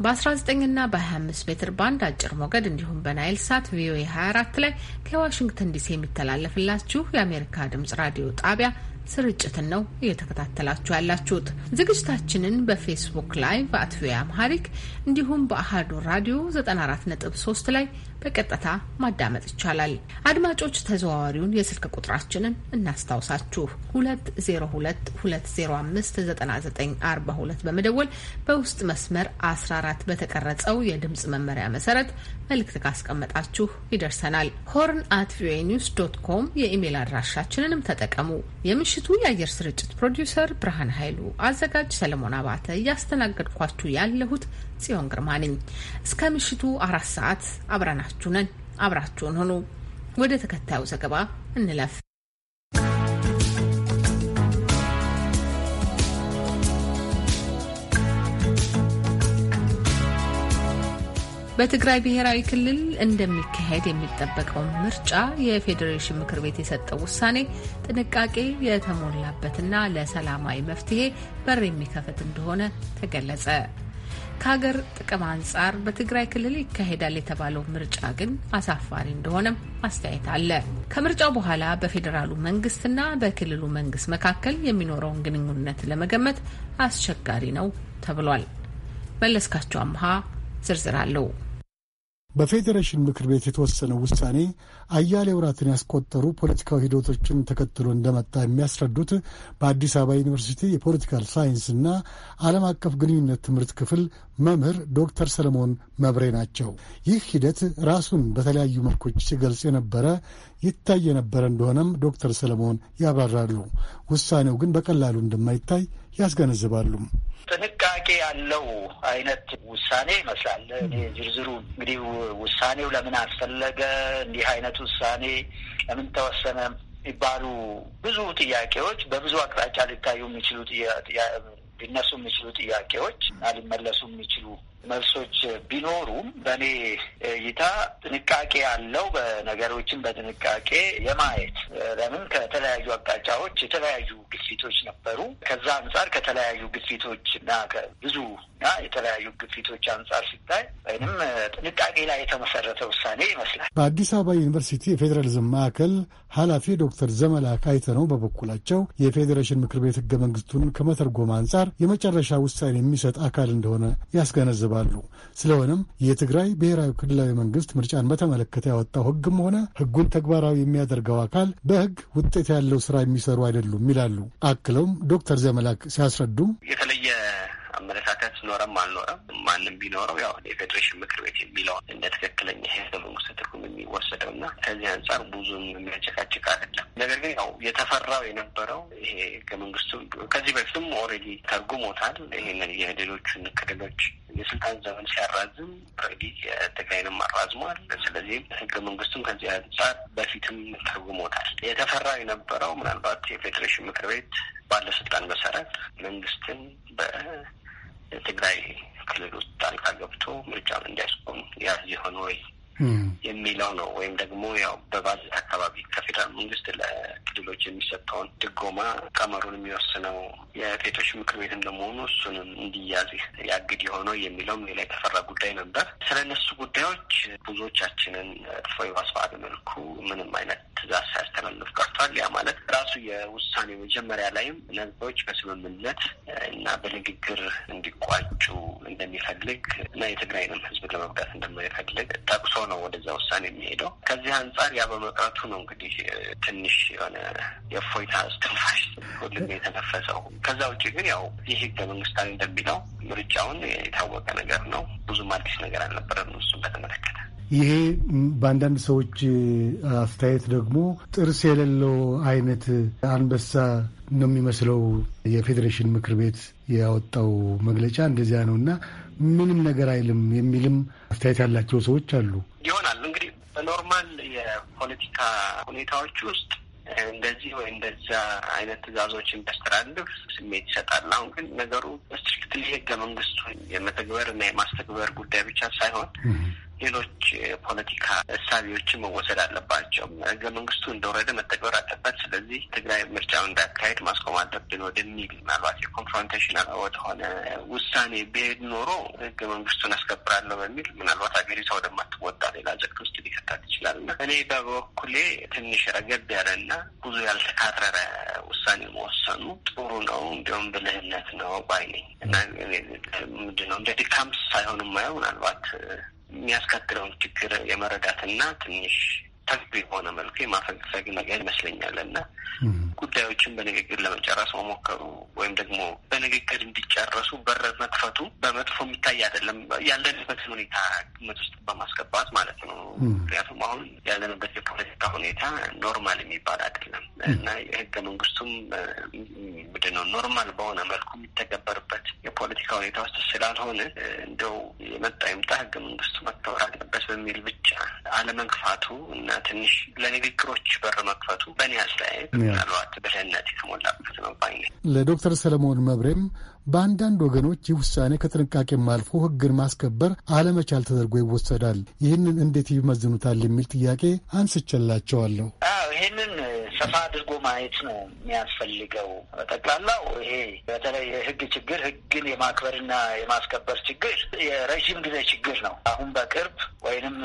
በ19ና በ25 ሜትር ባንድ አጭር ሞገድ እንዲሁም በናይል ሳት ቪኦኤ 24 ላይ ከዋሽንግተን ዲሲ የሚተላለፍላችሁ የአሜሪካ ድምጽ ራዲዮ ጣቢያ ስርጭትን ነው እየተከታተላችሁ ያላችሁት። ዝግጅታችንን በፌስቡክ ላይቭ አት ቪኦኤ አምሃሪክ እንዲሁም በአሃዱ ራዲዮ 94.3 ላይ በቀጥታ ማዳመጥ ይቻላል። አድማጮች ተዘዋዋሪውን የስልክ ቁጥራችንን እናስታውሳችሁ 2022059942 በመደወል በውስጥ መስመር 14 በተቀረጸው የድምፅ መመሪያ መሰረት መልእክት ካስቀመጣችሁ ይደርሰናል። ሆርን አት ቪኦኤ ኒውስ ዶት ኮም የኢሜይል አድራሻችንንም ተጠቀሙ። የምሽቱ የአየር ስርጭት ፕሮዲውሰር ብርሃን ኃይሉ፣ አዘጋጅ ሰለሞን አባተ፣ እያስተናገድኳችሁ ያለሁት ጽዮን ግርማ ነኝ። እስከ ምሽቱ አራት ሰዓት አብረናችሁ ነን። አብራችሁን ሆኑ። ወደ ተከታዩ ዘገባ እንለፍ። በትግራይ ብሔራዊ ክልል እንደሚካሄድ የሚጠበቀውን ምርጫ የፌዴሬሽን ምክር ቤት የሰጠው ውሳኔ ጥንቃቄ የተሞላበትና ለሰላማዊ መፍትሄ በር የሚከፍት እንደሆነ ተገለጸ። ከሀገር ጥቅም አንጻር በትግራይ ክልል ይካሄዳል የተባለው ምርጫ ግን አሳፋሪ እንደሆነም አስተያየት አለ። ከምርጫው በኋላ በፌዴራሉ መንግስትና በክልሉ መንግስት መካከል የሚኖረውን ግንኙነት ለመገመት አስቸጋሪ ነው ተብሏል። መለስካቸው አምሃ ዝርዝር አለው። በፌዴሬሽን ምክር ቤት የተወሰነው ውሳኔ አያሌ ወራትን ያስቆጠሩ ፖለቲካዊ ሂደቶችን ተከትሎ እንደመጣ የሚያስረዱት በአዲስ አበባ ዩኒቨርሲቲ የፖለቲካል እና ዓለም አቀፍ ግንኙነት ትምህርት ክፍል መምህር ዶክተር ሰለሞን መብሬ ናቸው። ይህ ሂደት ራሱን በተለያዩ መልኮች ሲገልጽ የነበረ ይታይ የነበረ እንደሆነም ዶክተር ሰለሞን ያብራራሉ። ውሳኔው ግን በቀላሉ እንደማይታይ ያስገነዝባሉ። መፍትሄ ያለው አይነት ውሳኔ ይመስላል። ዝርዝሩ እንግዲህ ውሳኔው ለምን አስፈለገ፣ እንዲህ አይነት ውሳኔ ለምን ተወሰነ የሚባሉ ብዙ ጥያቄዎች በብዙ አቅጣጫ ሊታዩ የሚችሉ ሊነሱ የሚችሉ ጥያቄዎች እና ሊመለሱ የሚችሉ መልሶች ቢኖሩም በእኔ እይታ ጥንቃቄ ያለው በነገሮችን በጥንቃቄ የማየት ለምን ከተለያዩ አቅጣጫዎች የተለያዩ ግፊቶች ነበሩ። ከዛ አንጻር ከተለያዩ ግፊቶች እና ከብዙ እና የተለያዩ ግፊቶች አንጻር ሲታይ ወይም ጥንቃቄ ላይ የተመሰረተ ውሳኔ ይመስላል። በአዲስ አበባ ዩኒቨርሲቲ የፌዴራሊዝም ማዕከል ኃላፊ ዶክተር ዘመላ ነው በበኩላቸው የፌዴሬሽን ምክር ቤት ህገ መንግስቱን ከመተርጎም አንጻር የመጨረሻ ውሳኔ የሚሰጥ አካል እንደሆነ ያስገነዝባሉ። ስለሆነም የትግራይ ብሔራዊ ክልላዊ መንግስት ምርጫን በተመለከተ ያወጣው ህግም ሆነ ህጉን ተግባራዊ የሚያደርገው አካል በህግ ውጤት ያለው ስራ የሚሰሩ አይደሉም ይላሉ። አክለውም ዶክተር ዘመላክ ሲያስረዱ የተለየ አመለካከት ኖረም አልኖረም ማንም ቢኖረው ያው የፌዴሬሽን ምክር ቤት የሚለው እንደ ትክክለኛ ህገ መንግስት ትርጉም የሚወሰደው እና ከዚህ አንጻር ብዙም የሚያጨቃጭቅ አይደለም። ነገር ግን ያው የተፈራው የነበረው ይሄ ህገ መንግስቱ ከዚህ በፊትም ኦልሬዲ ተርጉሞታል። ይሄንን የሌሎቹን ክልሎች የስልጣን ዘመን ሲያራዝም ኦልሬዲ የትግራይንም አራዝሟል። ስለዚህ ህገ መንግስቱም ከዚህ አንጻር በፊትም ተርጉሞታል። የተፈራው የነበረው ምናልባት የፌዴሬሽን ምክር ቤት ባለስልጣን መሰረት መንግስትን በ ትግራይ ክልል ውስጥ ጣልቃ ገብቶ ምርጫ እንዲያስቆም ያ የሆነ ወይ Hmm. የሚለው ነው። ወይም ደግሞ ያው በባጀት አካባቢ ከፌደራል መንግስት ለክልሎች የሚሰጠውን ድጎማ ቀመሩን የሚወስነው የፌቶች ምክር ቤት እንደመሆኑ እሱንም እንዲያዝ ያግድ የሆነው የሚለውም ሌላ የተፈራ ጉዳይ ነበር። ስለ እነሱ ጉዳዮች ብዙዎቻችንን እፎይ ባስባለ መልኩ ምንም አይነት ትእዛዝ ሳያስተላልፍ ቀርቷል። ያ ማለት ራሱ የውሳኔ መጀመሪያ ላይም ለህዝቦች በስምምነት እና በንግግር እንዲቋጩ እንደሚፈልግ እና የትግራይንም ህዝብ ለመጉዳት እንደማይፈልግ ጠቅሶ ነው ወደዛ ውሳኔ የሚሄደው። ከዚህ አንጻር ያ በመቅረቱ ነው እንግዲህ ትንሽ የሆነ የእፎይታ እስትንፋሽ ሁሉም የተነፈሰው። ከዛ ውጭ ግን ያው ይህ ህገ መንግስታዊ እንደሚለው ምርጫውን የታወቀ ነገር ነው። ብዙም አዲስ ነገር አልነበረም እሱን በተመለከተ። ይሄ በአንዳንድ ሰዎች አስተያየት ደግሞ ጥርስ የሌለው አይነት አንበሳ ነው የሚመስለው የፌዴሬሽን ምክር ቤት ያወጣው መግለጫ እንደዚያ ነው እና ምንም ነገር አይልም የሚልም አስተያየት ያላቸው ሰዎች አሉ። ይሆናል እንግዲህ በኖርማል የፖለቲካ ሁኔታዎች ውስጥ እንደዚህ ወይ እንደዛ አይነት ትዕዛዞች እንዳስተላልፍ ስሜት ይሰጣል። አሁን ግን ነገሩ ስትሪክትሊ ህገ መንግስቱን የመተግበር እና የማስተግበር ጉዳይ ብቻ ሳይሆን ሌሎች የፖለቲካ እሳቢዎችን መወሰድ አለባቸው። ህገ መንግስቱ እንደወረደ መተግበር አለበት። ስለዚህ ትግራይ ምርጫ እንዳካሄድ ማስቆም አለብን ወደሚል ምናልባት የኮንፍሮንቴሽናል ወደሆነ ውሳኔ ብሄድ ኖሮ ህገ መንግስቱን አስከብራለሁ በሚል ምናልባት ሀገሪቷ ወደማትወጣ ሌላ ዘግት ውስጥ ሊከታት ይችላል እና እኔ በበኩሌ ትንሽ ረገብ ያለና ብዙ ያልተካረረ ውሳኔ መወሰኑ ጥሩ ነው፣ እንዲሁም ብልህነት ነው ባይ ነኝ እና ምንድነው እንደ ድካም ሳይሆን የማየው ምናልባት የሚያስከትለውን ችግር የመረዳትና ትንሽ ተግቢ በሆነ መልኩ የማፈግፈግ ነገር ይመስለኛል እና ጉዳዮችን በንግግር ለመጨረስ መሞከሩ ወይም ደግሞ በንግግር እንዲጨረሱ በር መክፈቱ በመጥፎ የሚታይ አይደለም። ያለንበትን ሁኔታ ግምት ውስጥ በማስገባት ማለት ነው። ምክንያቱም አሁን ያለንበት የፖለቲካ ሁኔታ ኖርማል የሚባል አይደለም እና የህገ መንግስቱም ምንድን ነው ኖርማል በሆነ መልኩ የሚተገበርበት የፖለቲካ ሁኔታ ውስጥ ስላልሆነ እንደው የመጣ ይምጣ ህገ መንግስቱ መከበር አለበት በሚል ብቻ አለመግፋቱ እና ትንሽ ለንግግሮች በር መክፈቱ በእኔ አስተያየት ምናልባት መግባት ብልህነት የተሞላበት ነው ባይ ለዶክተር ሰለሞን መብሬም በአንዳንድ ወገኖች ይህ ውሳኔ ከጥንቃቄም አልፎ ህግን ማስከበር አለመቻል ተደርጎ ይወሰዳል። ይህንን እንዴት ይመዝኑታል የሚል ጥያቄ አንስቼላቸዋለሁ። ይህንን ሰፋ አድርጎ ማየት ነው የሚያስፈልገው። ጠቅላላው ይሄ በተለይ የህግ ችግር ህግን የማክበርና የማስከበር ችግር የረዥም ጊዜ ችግር ነው። አሁን በቅርብ ወይንም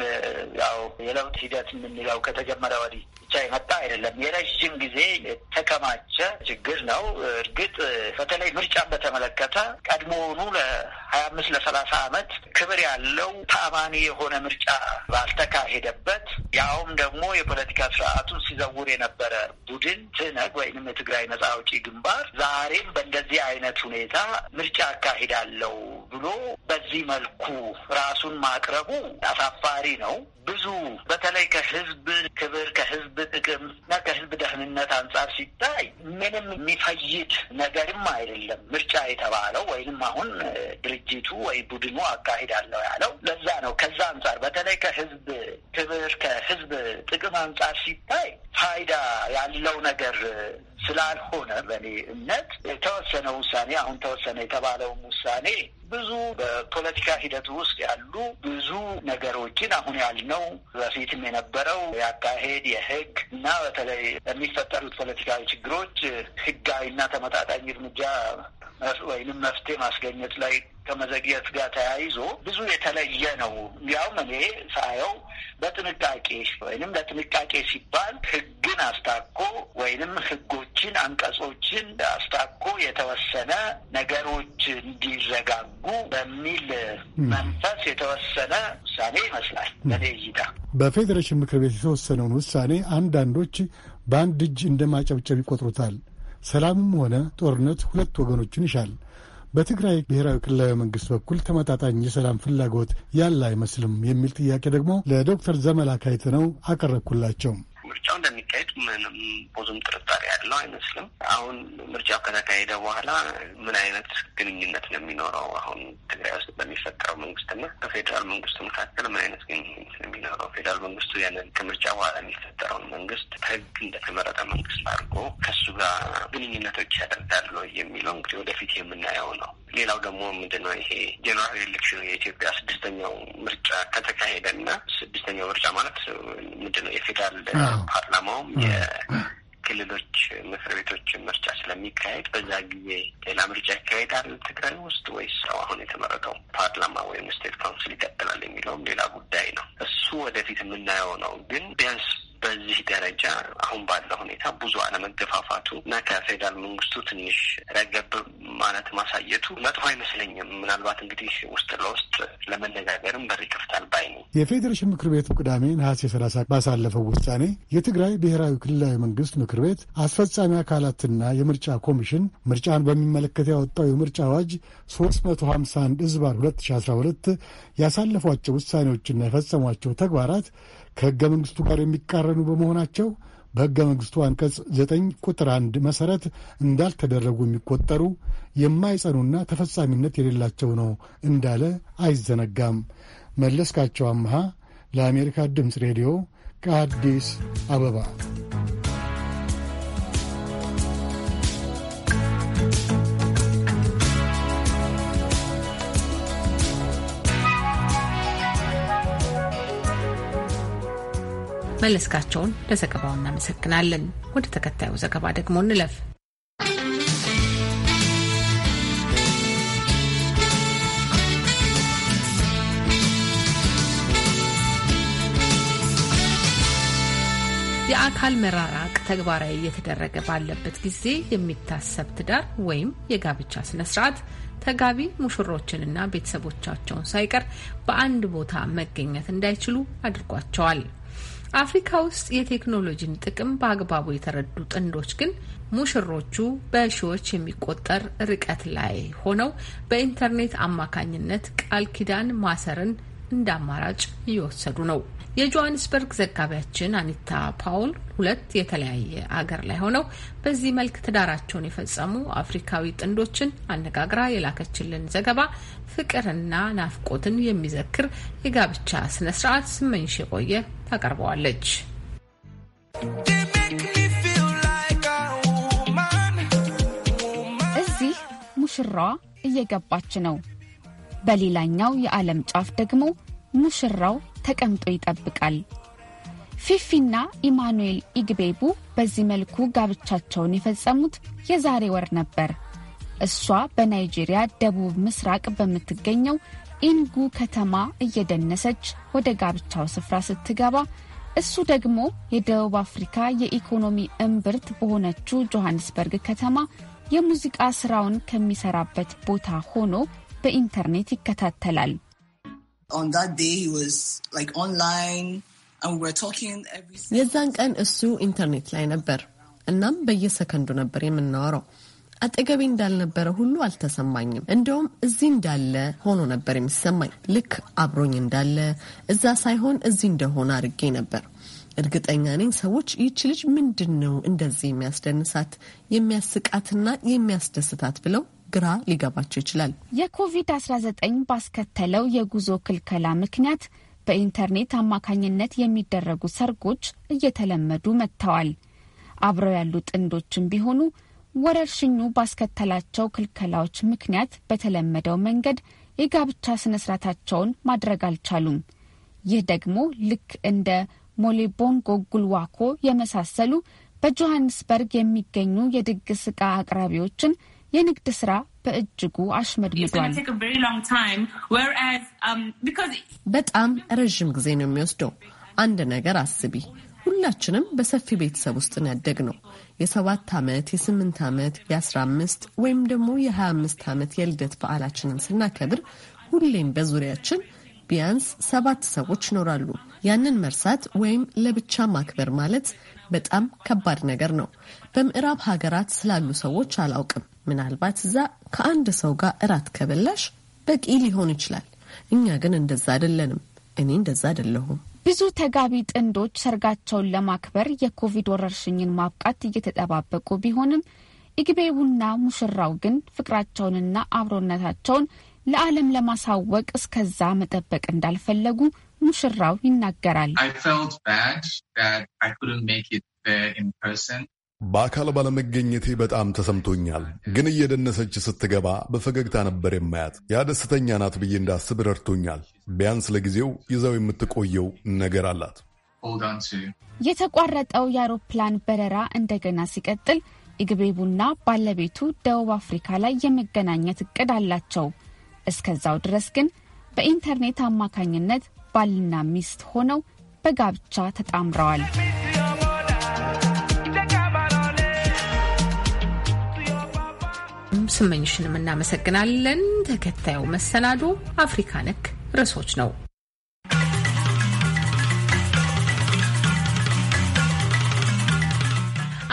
ያው የለውጥ ሂደት የምንለው ከተጀመረ ወዲህ የመጣ አይደለም። የረዥም ጊዜ የተከማቸ ችግር ነው። እርግጥ በተለይ ምርጫን በተመለከተ ቀድሞውኑ ሀያ አምስት ለሰላሳ አመት ክብር ያለው ተአማኒ የሆነ ምርጫ ባልተካሄደበት ያውም ደግሞ የፖለቲካ ስርዓቱን ሲዘውር የነበረ ቡድን ትህነግ ወይንም የትግራይ ነጻ አውጪ ግንባር ዛሬም በእንደዚህ አይነት ሁኔታ ምርጫ አካሂዳለው ብሎ በዚህ መልኩ ራሱን ማቅረቡ አሳፋሪ ነው። ብዙ በተለይ ከህዝብ ክብር ከህዝብ ጥቅም እና ከህዝብ ደህንነት አንጻር ሲታይ ምንም የሚፈይድ ነገርም አይደለም ምርጫ የተባለው ወይንም አሁን ድርጅ ድርጅቱ ወይ ቡድኑ አካሂዳለሁ ያለው ለዛ ነው። ከዛ አንጻር በተለይ ከህዝብ ክብር ከህዝብ ጥቅም አንጻር ሲታይ ፋይዳ ያለው ነገር ስላልሆነ በእኔ እምነት የተወሰነ ውሳኔ አሁን ተወሰነ የተባለውም ውሳኔ ብዙ በፖለቲካ ሂደቱ ውስጥ ያሉ ብዙ ነገሮችን አሁን ያልነው በፊትም የነበረው የአካሄድ የህግ እና በተለይ የሚፈጠሩት ፖለቲካዊ ችግሮች ህጋዊና ተመጣጣኝ እርምጃ ወይንም መፍትሄ ማስገኘት ላይ ከመዘግየት ጋር ተያይዞ ብዙ የተለየ ነው። ያውም እኔ ሳየው በጥንቃቄ ወይንም ለጥንቃቄ ሲባል ሕግን አስታኮ ወይንም ሕጎችን አንቀጾችን አስታኮ የተወሰነ ነገሮች እንዲዘጋጉ በሚል መንፈስ የተወሰነ ውሳኔ ይመስላል በኔ እይታ። በፌዴሬሽን ምክር ቤት የተወሰነውን ውሳኔ አንዳንዶች በአንድ እጅ እንደማጨብጨብ ይቆጥሩታል። ሰላምም ሆነ ጦርነት ሁለት ወገኖችን ይሻል። በትግራይ ብሔራዊ ክልላዊ መንግስት በኩል ተመጣጣኝ የሰላም ፍላጎት ያለ አይመስልም የሚል ጥያቄ ደግሞ ለዶክተር ዘመላካይት ነው አቀረብኩላቸው። ምርጫው እንደሚካሄድ ምንም ብዙም ጥርጣሬ ያለው አይመስልም። አሁን ምርጫው ከተካሄደ በኋላ ምን አይነት ግንኙነት ነው የሚኖረው? አሁን ትግራይ ውስጥ በሚፈጠረው መንግስትና በፌዴራል መንግስቱ መካከል ምን አይነት ግንኙነት ነው የሚኖረው? ፌዴራል መንግስቱ ያንን ከምርጫ በኋላ የሚፈጠረውን መንግስት ህግ እንደተመረጠ መንግስት አድርጎ ከሱ ጋር ግንኙነቶች ያደርጋሉ የሚለው እንግዲህ ወደፊት የምናየው ነው። ሌላው ደግሞ ምንድነው ይሄ ጀኔራል ኤሌክሽኑ የኢትዮጵያ ስድስተኛው ምርጫ ከተካሄደ እና ስድስተኛው ምርጫ ማለት ምንድነው የፌዴራል ፓርላማውም የክልሎች ምክር ቤቶች ምርጫ ስለሚካሄድ በዛ ጊዜ ሌላ ምርጫ ይካሄዳል ትግራይ ውስጥ ወይስ አሁን የተመረጠው ፓርላማ ወይም ስቴት ካውንስል ይቀጥላል የሚለውም ሌላ ጉዳይ ነው። እሱ ወደፊት የምናየው ነው። ግን ቢያንስ በዚህ ደረጃ አሁን ባለው ሁኔታ ብዙ አለመገፋፋቱ እና ከፌዴራል መንግስቱ ትንሽ ረገብ ማለት ማሳየቱ መጥፎ አይመስለኝም። ምናልባት እንግዲህ ውስጥ ለውስጥ ለመነጋገርም በር ይከፍታል ባይ ነው። የፌዴሬሽን ምክር ቤቱ ቅዳሜ ነሐሴ ሰላሳ ባሳለፈው ውሳኔ የትግራይ ብሔራዊ ክልላዊ መንግስት ምክር ቤት አስፈጻሚ አካላትና የምርጫ ኮሚሽን ምርጫን በሚመለከት ያወጣው የምርጫ አዋጅ 351 ህዝባን 2012 ያሳለፏቸው ውሳኔዎችና የፈጸሟቸው ተግባራት ከህገ መንግስቱ ጋር የሚቃረኑ በመሆናቸው በሕገ መንግሥቱ አንቀጽ ዘጠኝ ቁጥር አንድ መሠረት እንዳልተደረጉ የሚቆጠሩ የማይጸኑና ተፈጻሚነት የሌላቸው ነው እንዳለ አይዘነጋም። መለስካቸው አምሃ ለአሜሪካ ድምፅ ሬዲዮ ከአዲስ አበባ መለስካቸውን ለዘገባው እናመሰግናለን። ወደ ተከታዩ ዘገባ ደግሞ እንለፍ። የአካል መራራቅ ተግባራዊ እየተደረገ ባለበት ጊዜ የሚታሰብ ትዳር ወይም የጋብቻ ስነስርዓት ተጋቢ ሙሽሮችንና ቤተሰቦቻቸውን ሳይቀር በአንድ ቦታ መገኘት እንዳይችሉ አድርጓቸዋል። አፍሪካ ውስጥ የቴክኖሎጂን ጥቅም በአግባቡ የተረዱ ጥንዶች ግን ሙሽሮቹ በሺዎች የሚቆጠር ርቀት ላይ ሆነው በኢንተርኔት አማካኝነት ቃል ኪዳን ማሰርን እንደ አማራጭ እየወሰዱ ነው። የጆሃንስበርግ ዘጋቢያችን አኒታ ፓውል ሁለት የተለያየ አገር ላይ ሆነው በዚህ መልክ ትዳራቸውን የፈጸሙ አፍሪካዊ ጥንዶችን አነጋግራ የላከችልን ዘገባ ፍቅርና ናፍቆትን የሚዘክር የጋብቻ ስነ ስርዓት ስመኝሽ የቆየ ታቀርበዋለች። እዚህ ሙሽራዋ እየገባች ነው። በሌላኛው የዓለም ጫፍ ደግሞ ሙሽራው ተቀምጦ ይጠብቃል። ፊፊና ኢማኑኤል ኢግቤቡ በዚህ መልኩ ጋብቻቸውን የፈጸሙት የዛሬ ወር ነበር። እሷ በናይጄሪያ ደቡብ ምስራቅ በምትገኘው ኢንጉ ከተማ እየደነሰች ወደ ጋብቻው ስፍራ ስትገባ እሱ ደግሞ የደቡብ አፍሪካ የኢኮኖሚ እምብርት በሆነችው ጆሃንስበርግ ከተማ የሙዚቃ ስራውን ከሚሰራበት ቦታ ሆኖ በኢንተርኔት ይከታተላል። የዛን ቀን እሱ ኢንተርኔት ላይ ነበር። እናም በየሰከንዱ ነበር የምናወራው። አጠገቤ እንዳልነበረ ሁሉ አልተሰማኝም። እንደውም እዚህ እንዳለ ሆኖ ነበር የሚሰማኝ። ልክ አብሮኝ እንዳለ እዛ ሳይሆን እዚህ እንደሆነ አድርጌ ነበር። እርግጠኛ ነኝ ሰዎች ይህች ልጅ ምንድን ነው እንደዚህ የሚያስደንሳት የሚያስቃትና የሚያስደስታት ብለው ግራ ሊገባቸው ይችላል። የኮቪድ-19 ባስከተለው የጉዞ ክልከላ ምክንያት በኢንተርኔት አማካኝነት የሚደረጉ ሰርጎች እየተለመዱ መጥተዋል። አብረው ያሉ ጥንዶችም ቢሆኑ ወረርሽኙ ባስከተላቸው ክልከላዎች ምክንያት በተለመደው መንገድ የጋብቻ ስነ ስርዓታቸውን ማድረግ አልቻሉም። ይህ ደግሞ ልክ እንደ ሞሌቦንጎ ጉልዋኮ የመሳሰሉ በጆሀንስበርግ የሚገኙ የድግስ ዕቃ አቅራቢዎችን የንግድ ስራ በእጅጉ አሽመድምዷል። በጣም ረዥም ጊዜ ነው የሚወስደው። አንድ ነገር አስቢ። ሁላችንም በሰፊ ቤተሰብ ውስጥ ያደግ ነው። የሰባት ዓመት የስምንት ዓመት የአስራ አምስት ወይም ደግሞ የሀያ አምስት ዓመት የልደት በዓላችንን ስናከብር ሁሌም በዙሪያችን ቢያንስ ሰባት ሰዎች ይኖራሉ። ያንን መርሳት ወይም ለብቻ ማክበር ማለት በጣም ከባድ ነገር ነው። በምዕራብ ሀገራት ስላሉ ሰዎች አላውቅም። ምናልባት እዛ ከአንድ ሰው ጋር እራት ከበላሽ በቂ ሊሆን ይችላል። እኛ ግን እንደዛ አይደለንም። እኔ እንደዛ አይደለሁም። ብዙ ተጋቢ ጥንዶች ሰርጋቸውን ለማክበር የኮቪድ ወረርሽኝን ማብቃት እየተጠባበቁ ቢሆንም ኢግቤውና ሙሽራው ግን ፍቅራቸውንና አብሮነታቸውን ለዓለም ለማሳወቅ እስከዛ መጠበቅ እንዳልፈለጉ ሙሽራው ይናገራል። በአካል ባለመገኘቴ በጣም ተሰምቶኛል። ግን እየደነሰች ስትገባ በፈገግታ ነበር የማያት። ያ ደስተኛ ናት ብዬ እንዳስብ ረድቶኛል። ቢያንስ ለጊዜው ይዘው የምትቆየው ነገር አላት። የተቋረጠው የአውሮፕላን በረራ እንደገና ሲቀጥል ኢግቤቡና ባለቤቱ ደቡብ አፍሪካ ላይ የመገናኘት እቅድ አላቸው። እስከዛው ድረስ ግን በኢንተርኔት አማካኝነት ባልና ሚስት ሆነው በጋብቻ ተጣምረዋል። ስመኝሽንም እናመሰግናለን። ተከታዩ መሰናዶ አፍሪካ ነክ ርዕሶች ነው።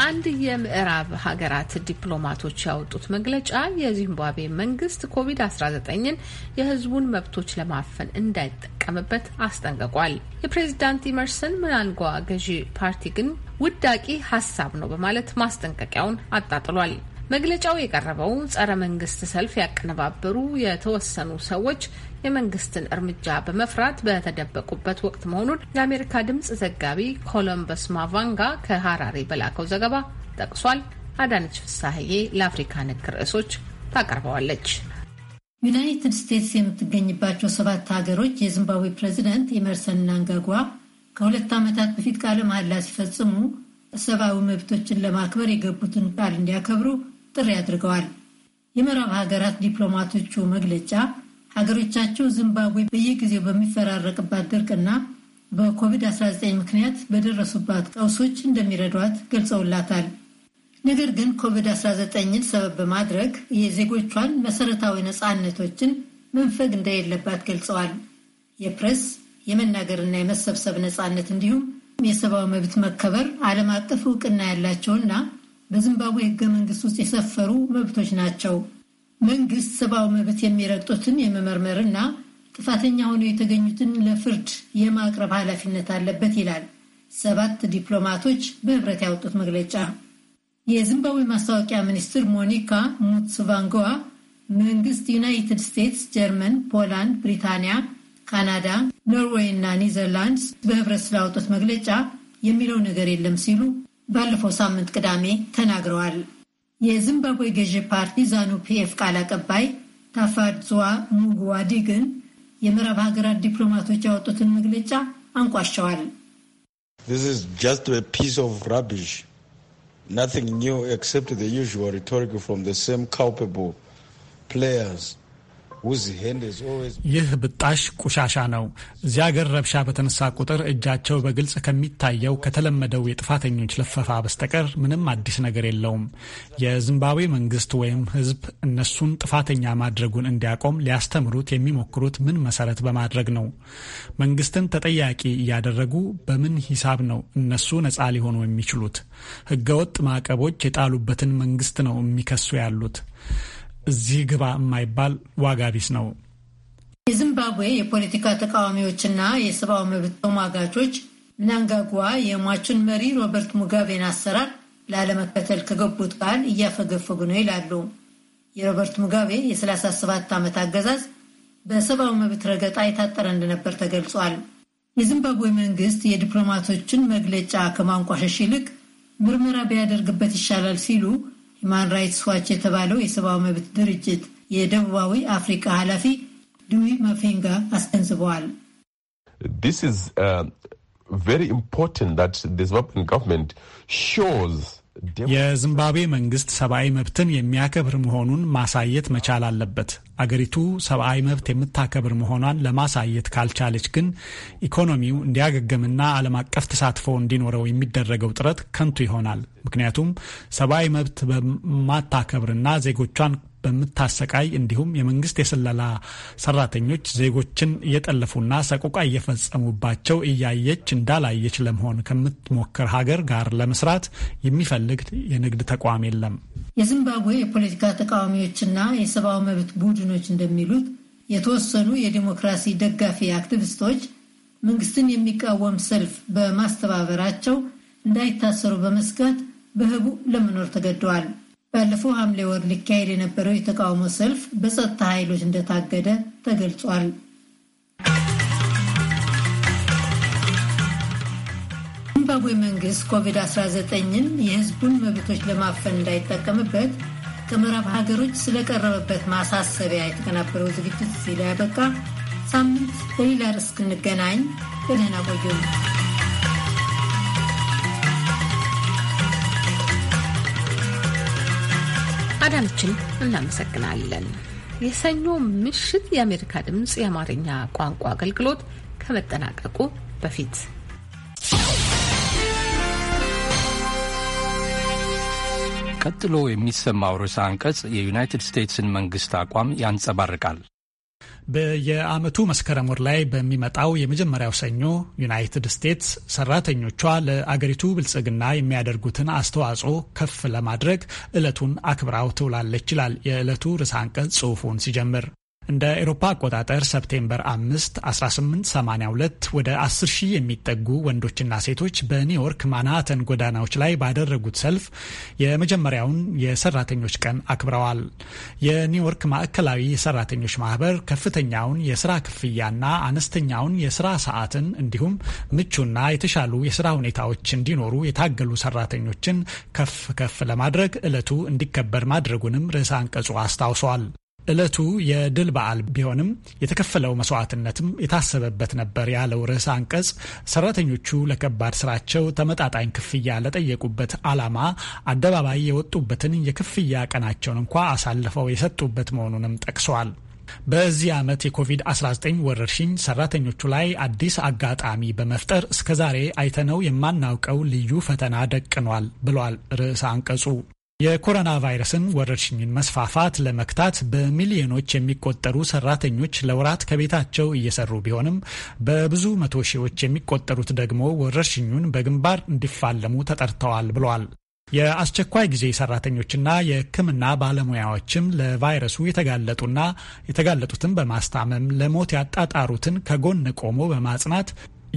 አንድ የምዕራብ ሀገራት ዲፕሎማቶች ያወጡት መግለጫ የዚምባብዌ መንግስት ኮቪድ-19ን መብቶች ለማፈን እንዳይጠቀምበት አስጠንቅቋል። የፕሬዚዳንት ኢመርሰን ምናንጓ ገዢ ፓርቲ ግን ውዳቂ ሀሳብ ነው በማለት ማስጠንቀቂያውን አጣጥሏል። መግለጫው የቀረበው ጸረ መንግስት ሰልፍ ያቀነባበሩ የተወሰኑ ሰዎች የመንግስትን እርምጃ በመፍራት በተደበቁበት ወቅት መሆኑን የአሜሪካ ድምጽ ዘጋቢ ኮሎምበስ ማቫንጋ ከሀራሬ በላከው ዘገባ ጠቅሷል። አዳነች ፍሳሐዬ ለአፍሪካ ነክ ርዕሶች ታቀርበዋለች። ዩናይትድ ስቴትስ የምትገኝባቸው ሰባት ሀገሮች የዚምባብዌ ፕሬዚደንት ኤመርሰን ናንጋጓ ከሁለት ዓመታት በፊት ቃለ መሐላ ሲፈጽሙ ሰብአዊ መብቶችን ለማክበር የገቡትን ቃል እንዲያከብሩ ጥሪ አድርገዋል። የምዕራብ ሀገራት ዲፕሎማቶቹ መግለጫ ሀገሮቻቸው ዚምባብዌ በየጊዜው በሚፈራረቅባት ድርቅና በኮቪድ-19 ምክንያት በደረሱባት ቀውሶች እንደሚረዷት ገልጸውላታል። ነገር ግን ኮቪድ-19ን ሰበብ በማድረግ የዜጎቿን መሰረታዊ ነፃነቶችን መንፈግ እንደሌለባት ገልጸዋል። የፕሬስ የመናገርና የመሰብሰብ ነፃነት እንዲሁም የሰብአዊ መብት መከበር ዓለም አቀፍ እውቅና ያላቸውና በዚምባብዌ ህገ መንግስት ውስጥ የሰፈሩ መብቶች ናቸው። መንግስት ሰብአዊ መብት የሚረግጡትን የመመርመርና ጥፋተኛ ሆነው የተገኙትን ለፍርድ የማቅረብ ኃላፊነት አለበት ይላል ሰባት ዲፕሎማቶች በህብረት ያወጡት መግለጫ። የዚምባብዌ ማስታወቂያ ሚኒስትር ሞኒካ ሙትስቫንጎዋ መንግስት ዩናይትድ ስቴትስ፣ ጀርመን፣ ፖላንድ፣ ብሪታንያ፣ ካናዳ፣ ኖርዌይ እና ኒዘርላንድስ በህብረት ስላወጡት መግለጫ የሚለው ነገር የለም ሲሉ ባለፈው ሳምንት ቅዳሜ ተናግረዋል። የዚምባብዌ ገዢ ፓርቲ ዛኑ ፒኤፍ ቃል አቀባይ ታፋድዝዋ ሙጉዋዲ ግን የምዕራብ ሀገራት ዲፕሎማቶች ያወጡትን መግለጫ አንቋሸዋል። ፕሌየርስ ይህ ብጣሽ ቆሻሻ ነው። እዚያ አገር ረብሻ በተነሳ ቁጥር እጃቸው በግልጽ ከሚታየው ከተለመደው የጥፋተኞች ለፈፋ በስተቀር ምንም አዲስ ነገር የለውም። የዚምባብዌ መንግስት ወይም ህዝብ እነሱን ጥፋተኛ ማድረጉን እንዲያቆም ሊያስተምሩት የሚሞክሩት ምን መሰረት በማድረግ ነው? መንግስትን ተጠያቂ እያደረጉ በምን ሂሳብ ነው እነሱ ነጻ ሊሆኑ የሚችሉት? ህገወጥ ማዕቀቦች የጣሉበትን መንግስት ነው የሚከሱ ያሉት። እዚህ ግባ የማይባል ዋጋ ቢስ ነው። የዚምባብዌ የፖለቲካ ተቃዋሚዎችና የሰብአዊ መብት ተሟጋቾች ምናንጋጓ የሟቹን መሪ ሮበርት ሙጋቤን አሰራር ላለመከተል ከገቡት ቃል እያፈገፈጉ ነው ይላሉ። የሮበርት ሙጋቤ የ37 ዓመት አገዛዝ በሰብአዊ መብት ረገጣ የታጠረ እንደነበር ተገልጿል። የዚምባብዌ መንግስት የዲፕሎማቶችን መግለጫ ከማንቋሸሽ ይልቅ ምርመራ ቢያደርግበት ይሻላል ሲሉ ሁማን ራይትስ ዋች የተባለው የሰብአዊ መብት ድርጅት የደቡባዊ አፍሪካ ኃላፊ ድዊ ማፌንጋ አስገንዝበዋል። uh, የዚምባብዌ መንግስት ሰብአዊ መብትን የሚያከብር መሆኑን ማሳየት መቻል አለበት። አገሪቱ ሰብአዊ መብት የምታከብር መሆኗን ለማሳየት ካልቻለች ግን ኢኮኖሚው እንዲያገግምና ዓለም አቀፍ ተሳትፎ እንዲኖረው የሚደረገው ጥረት ከንቱ ይሆናል። ምክንያቱም ሰብአዊ መብት በማታከብርና ዜጎቿን በምታሰቃይ እንዲሁም የመንግስት የስለላ ሰራተኞች ዜጎችን እየጠለፉና ሰቆቃ እየፈጸሙባቸው እያየች እንዳላየች ለመሆን ከምትሞክር ሀገር ጋር ለመስራት የሚፈልግ የንግድ ተቋም የለም። የዚምባብዌ የፖለቲካ ተቃዋሚዎችና የሰብአዊ መብት ቡድኑ ተንታኞች እንደሚሉት የተወሰኑ የዲሞክራሲ ደጋፊ አክቲቪስቶች መንግስትን የሚቃወም ሰልፍ በማስተባበራቸው እንዳይታሰሩ በመስጋት በህቡ ለመኖር ተገደዋል። ባለፈው ሐምሌ ወር ሊካሄድ የነበረው የተቃውሞ ሰልፍ በጸጥታ ኃይሎች እንደታገደ ተገልጿል። ዚምባብዌ መንግስት ኮቪድ-19ን የህዝቡን መብቶች ለማፈን እንዳይጠቀምበት ከምዕራብ ሀገሮች ስለቀረበበት ማሳሰቢያ የተቀናበረው ዝግጅት እዚህ ላይ ያበቃ። ሳምንት በሌላ ርዕስ እንገናኝ። በደህና ቆዩ። አዳምችን እናመሰግናለን። የሰኞ ምሽት የአሜሪካ ድምፅ የአማርኛ ቋንቋ አገልግሎት ከመጠናቀቁ በፊት ቀጥሎ የሚሰማው ርዕሰ አንቀጽ የዩናይትድ ስቴትስን መንግስት አቋም ያንጸባርቃል። በየአመቱ መስከረም ወር ላይ በሚመጣው የመጀመሪያው ሰኞ ዩናይትድ ስቴትስ ሰራተኞቿ ለአገሪቱ ብልጽግና የሚያደርጉትን አስተዋጽኦ ከፍ ለማድረግ ዕለቱን አክብራው ትውላለች ይላል የዕለቱ ርዕሰ አንቀጽ ጽሑፉን ሲጀምር። እንደ ኤሮፓ አቆጣጠር ሰፕቴምበር 5 1882 ወደ 10 ሺህ የሚጠጉ ወንዶችና ሴቶች በኒውዮርክ ማናተን ጎዳናዎች ላይ ባደረጉት ሰልፍ የመጀመሪያውን የሰራተኞች ቀን አክብረዋል። የኒውዮርክ ማዕከላዊ የሰራተኞች ማህበር ከፍተኛውን የስራ ክፍያና አነስተኛውን የስራ ሰዓትን እንዲሁም ምቹና የተሻሉ የስራ ሁኔታዎች እንዲኖሩ የታገሉ ሰራተኞችን ከፍ ከፍ ለማድረግ እለቱ እንዲከበር ማድረጉንም ርዕሰ አንቀጹ አስታውሷል። ዕለቱ የድል በዓል ቢሆንም የተከፈለው መስዋዕትነትም የታሰበበት ነበር ያለው ርዕስ አንቀጽ ሰራተኞቹ ለከባድ ስራቸው ተመጣጣኝ ክፍያ ለጠየቁበት ዓላማ አደባባይ የወጡበትን የክፍያ ቀናቸውን እንኳ አሳልፈው የሰጡበት መሆኑንም ጠቅሰዋል። በዚህ ዓመት የኮቪድ-19 ወረርሽኝ ሰራተኞቹ ላይ አዲስ አጋጣሚ በመፍጠር እስከዛሬ አይተነው የማናውቀው ልዩ ፈተና ደቅኗል ብሏል ርዕስ አንቀጹ። የኮሮና ቫይረስን ወረርሽኝን መስፋፋት ለመክታት በሚሊዮኖች የሚቆጠሩ ሰራተኞች ለወራት ከቤታቸው እየሰሩ ቢሆንም በብዙ መቶ ሺዎች የሚቆጠሩት ደግሞ ወረርሽኙን በግንባር እንዲፋለሙ ተጠርተዋል ብሏል። የአስቸኳይ ጊዜ ሰራተኞችና የሕክምና ባለሙያዎችም ለቫይረሱ የተጋለጡና የተጋለጡትን በማስታመም ለሞት ያጣጣሩትን ከጎን ቆሞ በማጽናት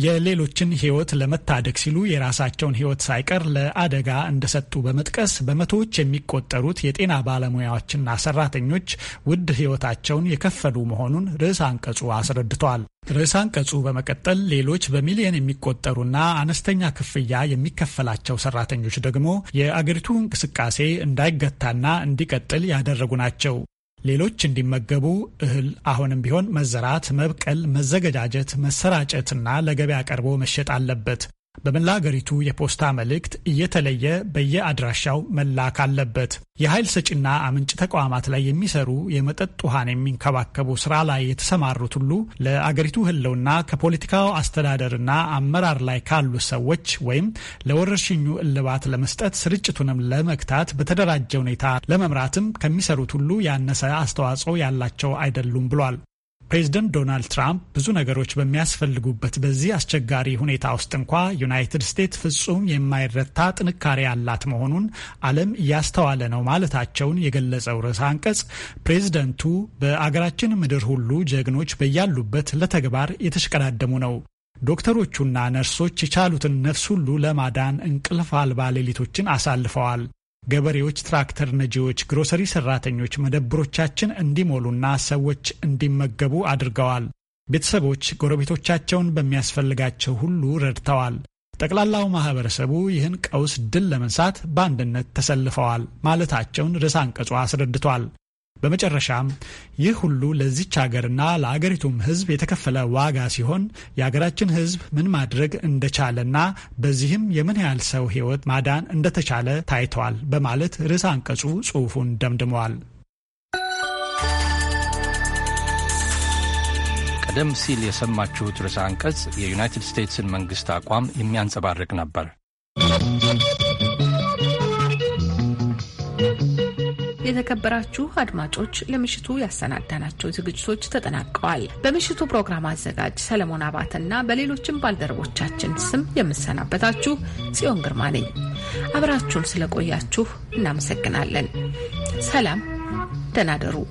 የሌሎችን ህይወት ለመታደግ ሲሉ የራሳቸውን ህይወት ሳይቀር ለአደጋ እንደሰጡ በመጥቀስ በመቶዎች የሚቆጠሩት የጤና ባለሙያዎችና ሰራተኞች ውድ ህይወታቸውን የከፈሉ መሆኑን ርዕስ አንቀጹ አስረድቷል። ርዕስ አንቀጹ በመቀጠል ሌሎች በሚሊዮን የሚቆጠሩና አነስተኛ ክፍያ የሚከፈላቸው ሰራተኞች ደግሞ የአገሪቱ እንቅስቃሴ እንዳይገታና እንዲቀጥል ያደረጉ ናቸው። ሌሎች እንዲመገቡ እህል አሁንም ቢሆን መዘራት፣ መብቀል፣ መዘገጃጀት፣ መሰራጨትና ለገበያ ቀርቦ መሸጥ አለበት። በመላ አገሪቱ የፖስታ መልእክት እየተለየ በየአድራሻው መላክ አለበት። የኃይል ሰጪና አምንጭ ተቋማት ላይ የሚሰሩ የመጠጥ ውሃን የሚንከባከቡ ስራ ላይ የተሰማሩት ሁሉ ለአገሪቱ ሕልውና ከፖለቲካው አስተዳደርና አመራር ላይ ካሉት ሰዎች ወይም ለወረርሽኙ እልባት ለመስጠት ስርጭቱንም ለመግታት በተደራጀ ሁኔታ ለመምራትም ከሚሰሩት ሁሉ ያነሰ አስተዋጽኦ ያላቸው አይደሉም ብሏል። ፕሬዝደንት ዶናልድ ትራምፕ ብዙ ነገሮች በሚያስፈልጉበት በዚህ አስቸጋሪ ሁኔታ ውስጥ እንኳ ዩናይትድ ስቴትስ ፍጹም የማይረታ ጥንካሬ ያላት መሆኑን ዓለም እያስተዋለ ነው ማለታቸውን የገለጸው ርዕሰ አንቀጽ ፕሬዚደንቱ በአገራችን ምድር ሁሉ ጀግኖች በያሉበት ለተግባር የተሽቀዳደሙ ነው። ዶክተሮቹና ነርሶች የቻሉትን ነፍስ ሁሉ ለማዳን እንቅልፍ አልባ ሌሊቶችን አሳልፈዋል። ገበሬዎች፣ ትራክተር ነጂዎች፣ ግሮሰሪ ሰራተኞች መደብሮቻችን እንዲሞሉና ሰዎች እንዲመገቡ አድርገዋል። ቤተሰቦች ጎረቤቶቻቸውን በሚያስፈልጋቸው ሁሉ ረድተዋል። ጠቅላላው ማህበረሰቡ ይህን ቀውስ ድል ለመንሳት በአንድነት ተሰልፈዋል ማለታቸውን ርዕሰ አንቀጹ አስረድቷል። በመጨረሻም ይህ ሁሉ ለዚች ሀገርና ለአገሪቱም ሕዝብ የተከፈለ ዋጋ ሲሆን የሀገራችን ሕዝብ ምን ማድረግ እንደቻለና በዚህም የምን ያህል ሰው ሕይወት ማዳን እንደተቻለ ታይተዋል በማለት ርዕሰ አንቀጹ ጽሑፉን ደምድመዋል። ቀደም ሲል የሰማችሁት ርዕሰ አንቀጽ የዩናይትድ ስቴትስን መንግስት አቋም የሚያንጸባርቅ ነበር። የተከበራችሁ አድማጮች ለምሽቱ ያሰናዳናቸው ዝግጅቶች ተጠናቀዋል። በምሽቱ ፕሮግራም አዘጋጅ ሰለሞን አባትና በሌሎችም ባልደረቦቻችን ስም የምሰናበታችሁ ጽዮን ግርማ ነኝ። አብራችሁን ስለቆያችሁ እናመሰግናለን። ሰላም፣ ደህና እደሩ።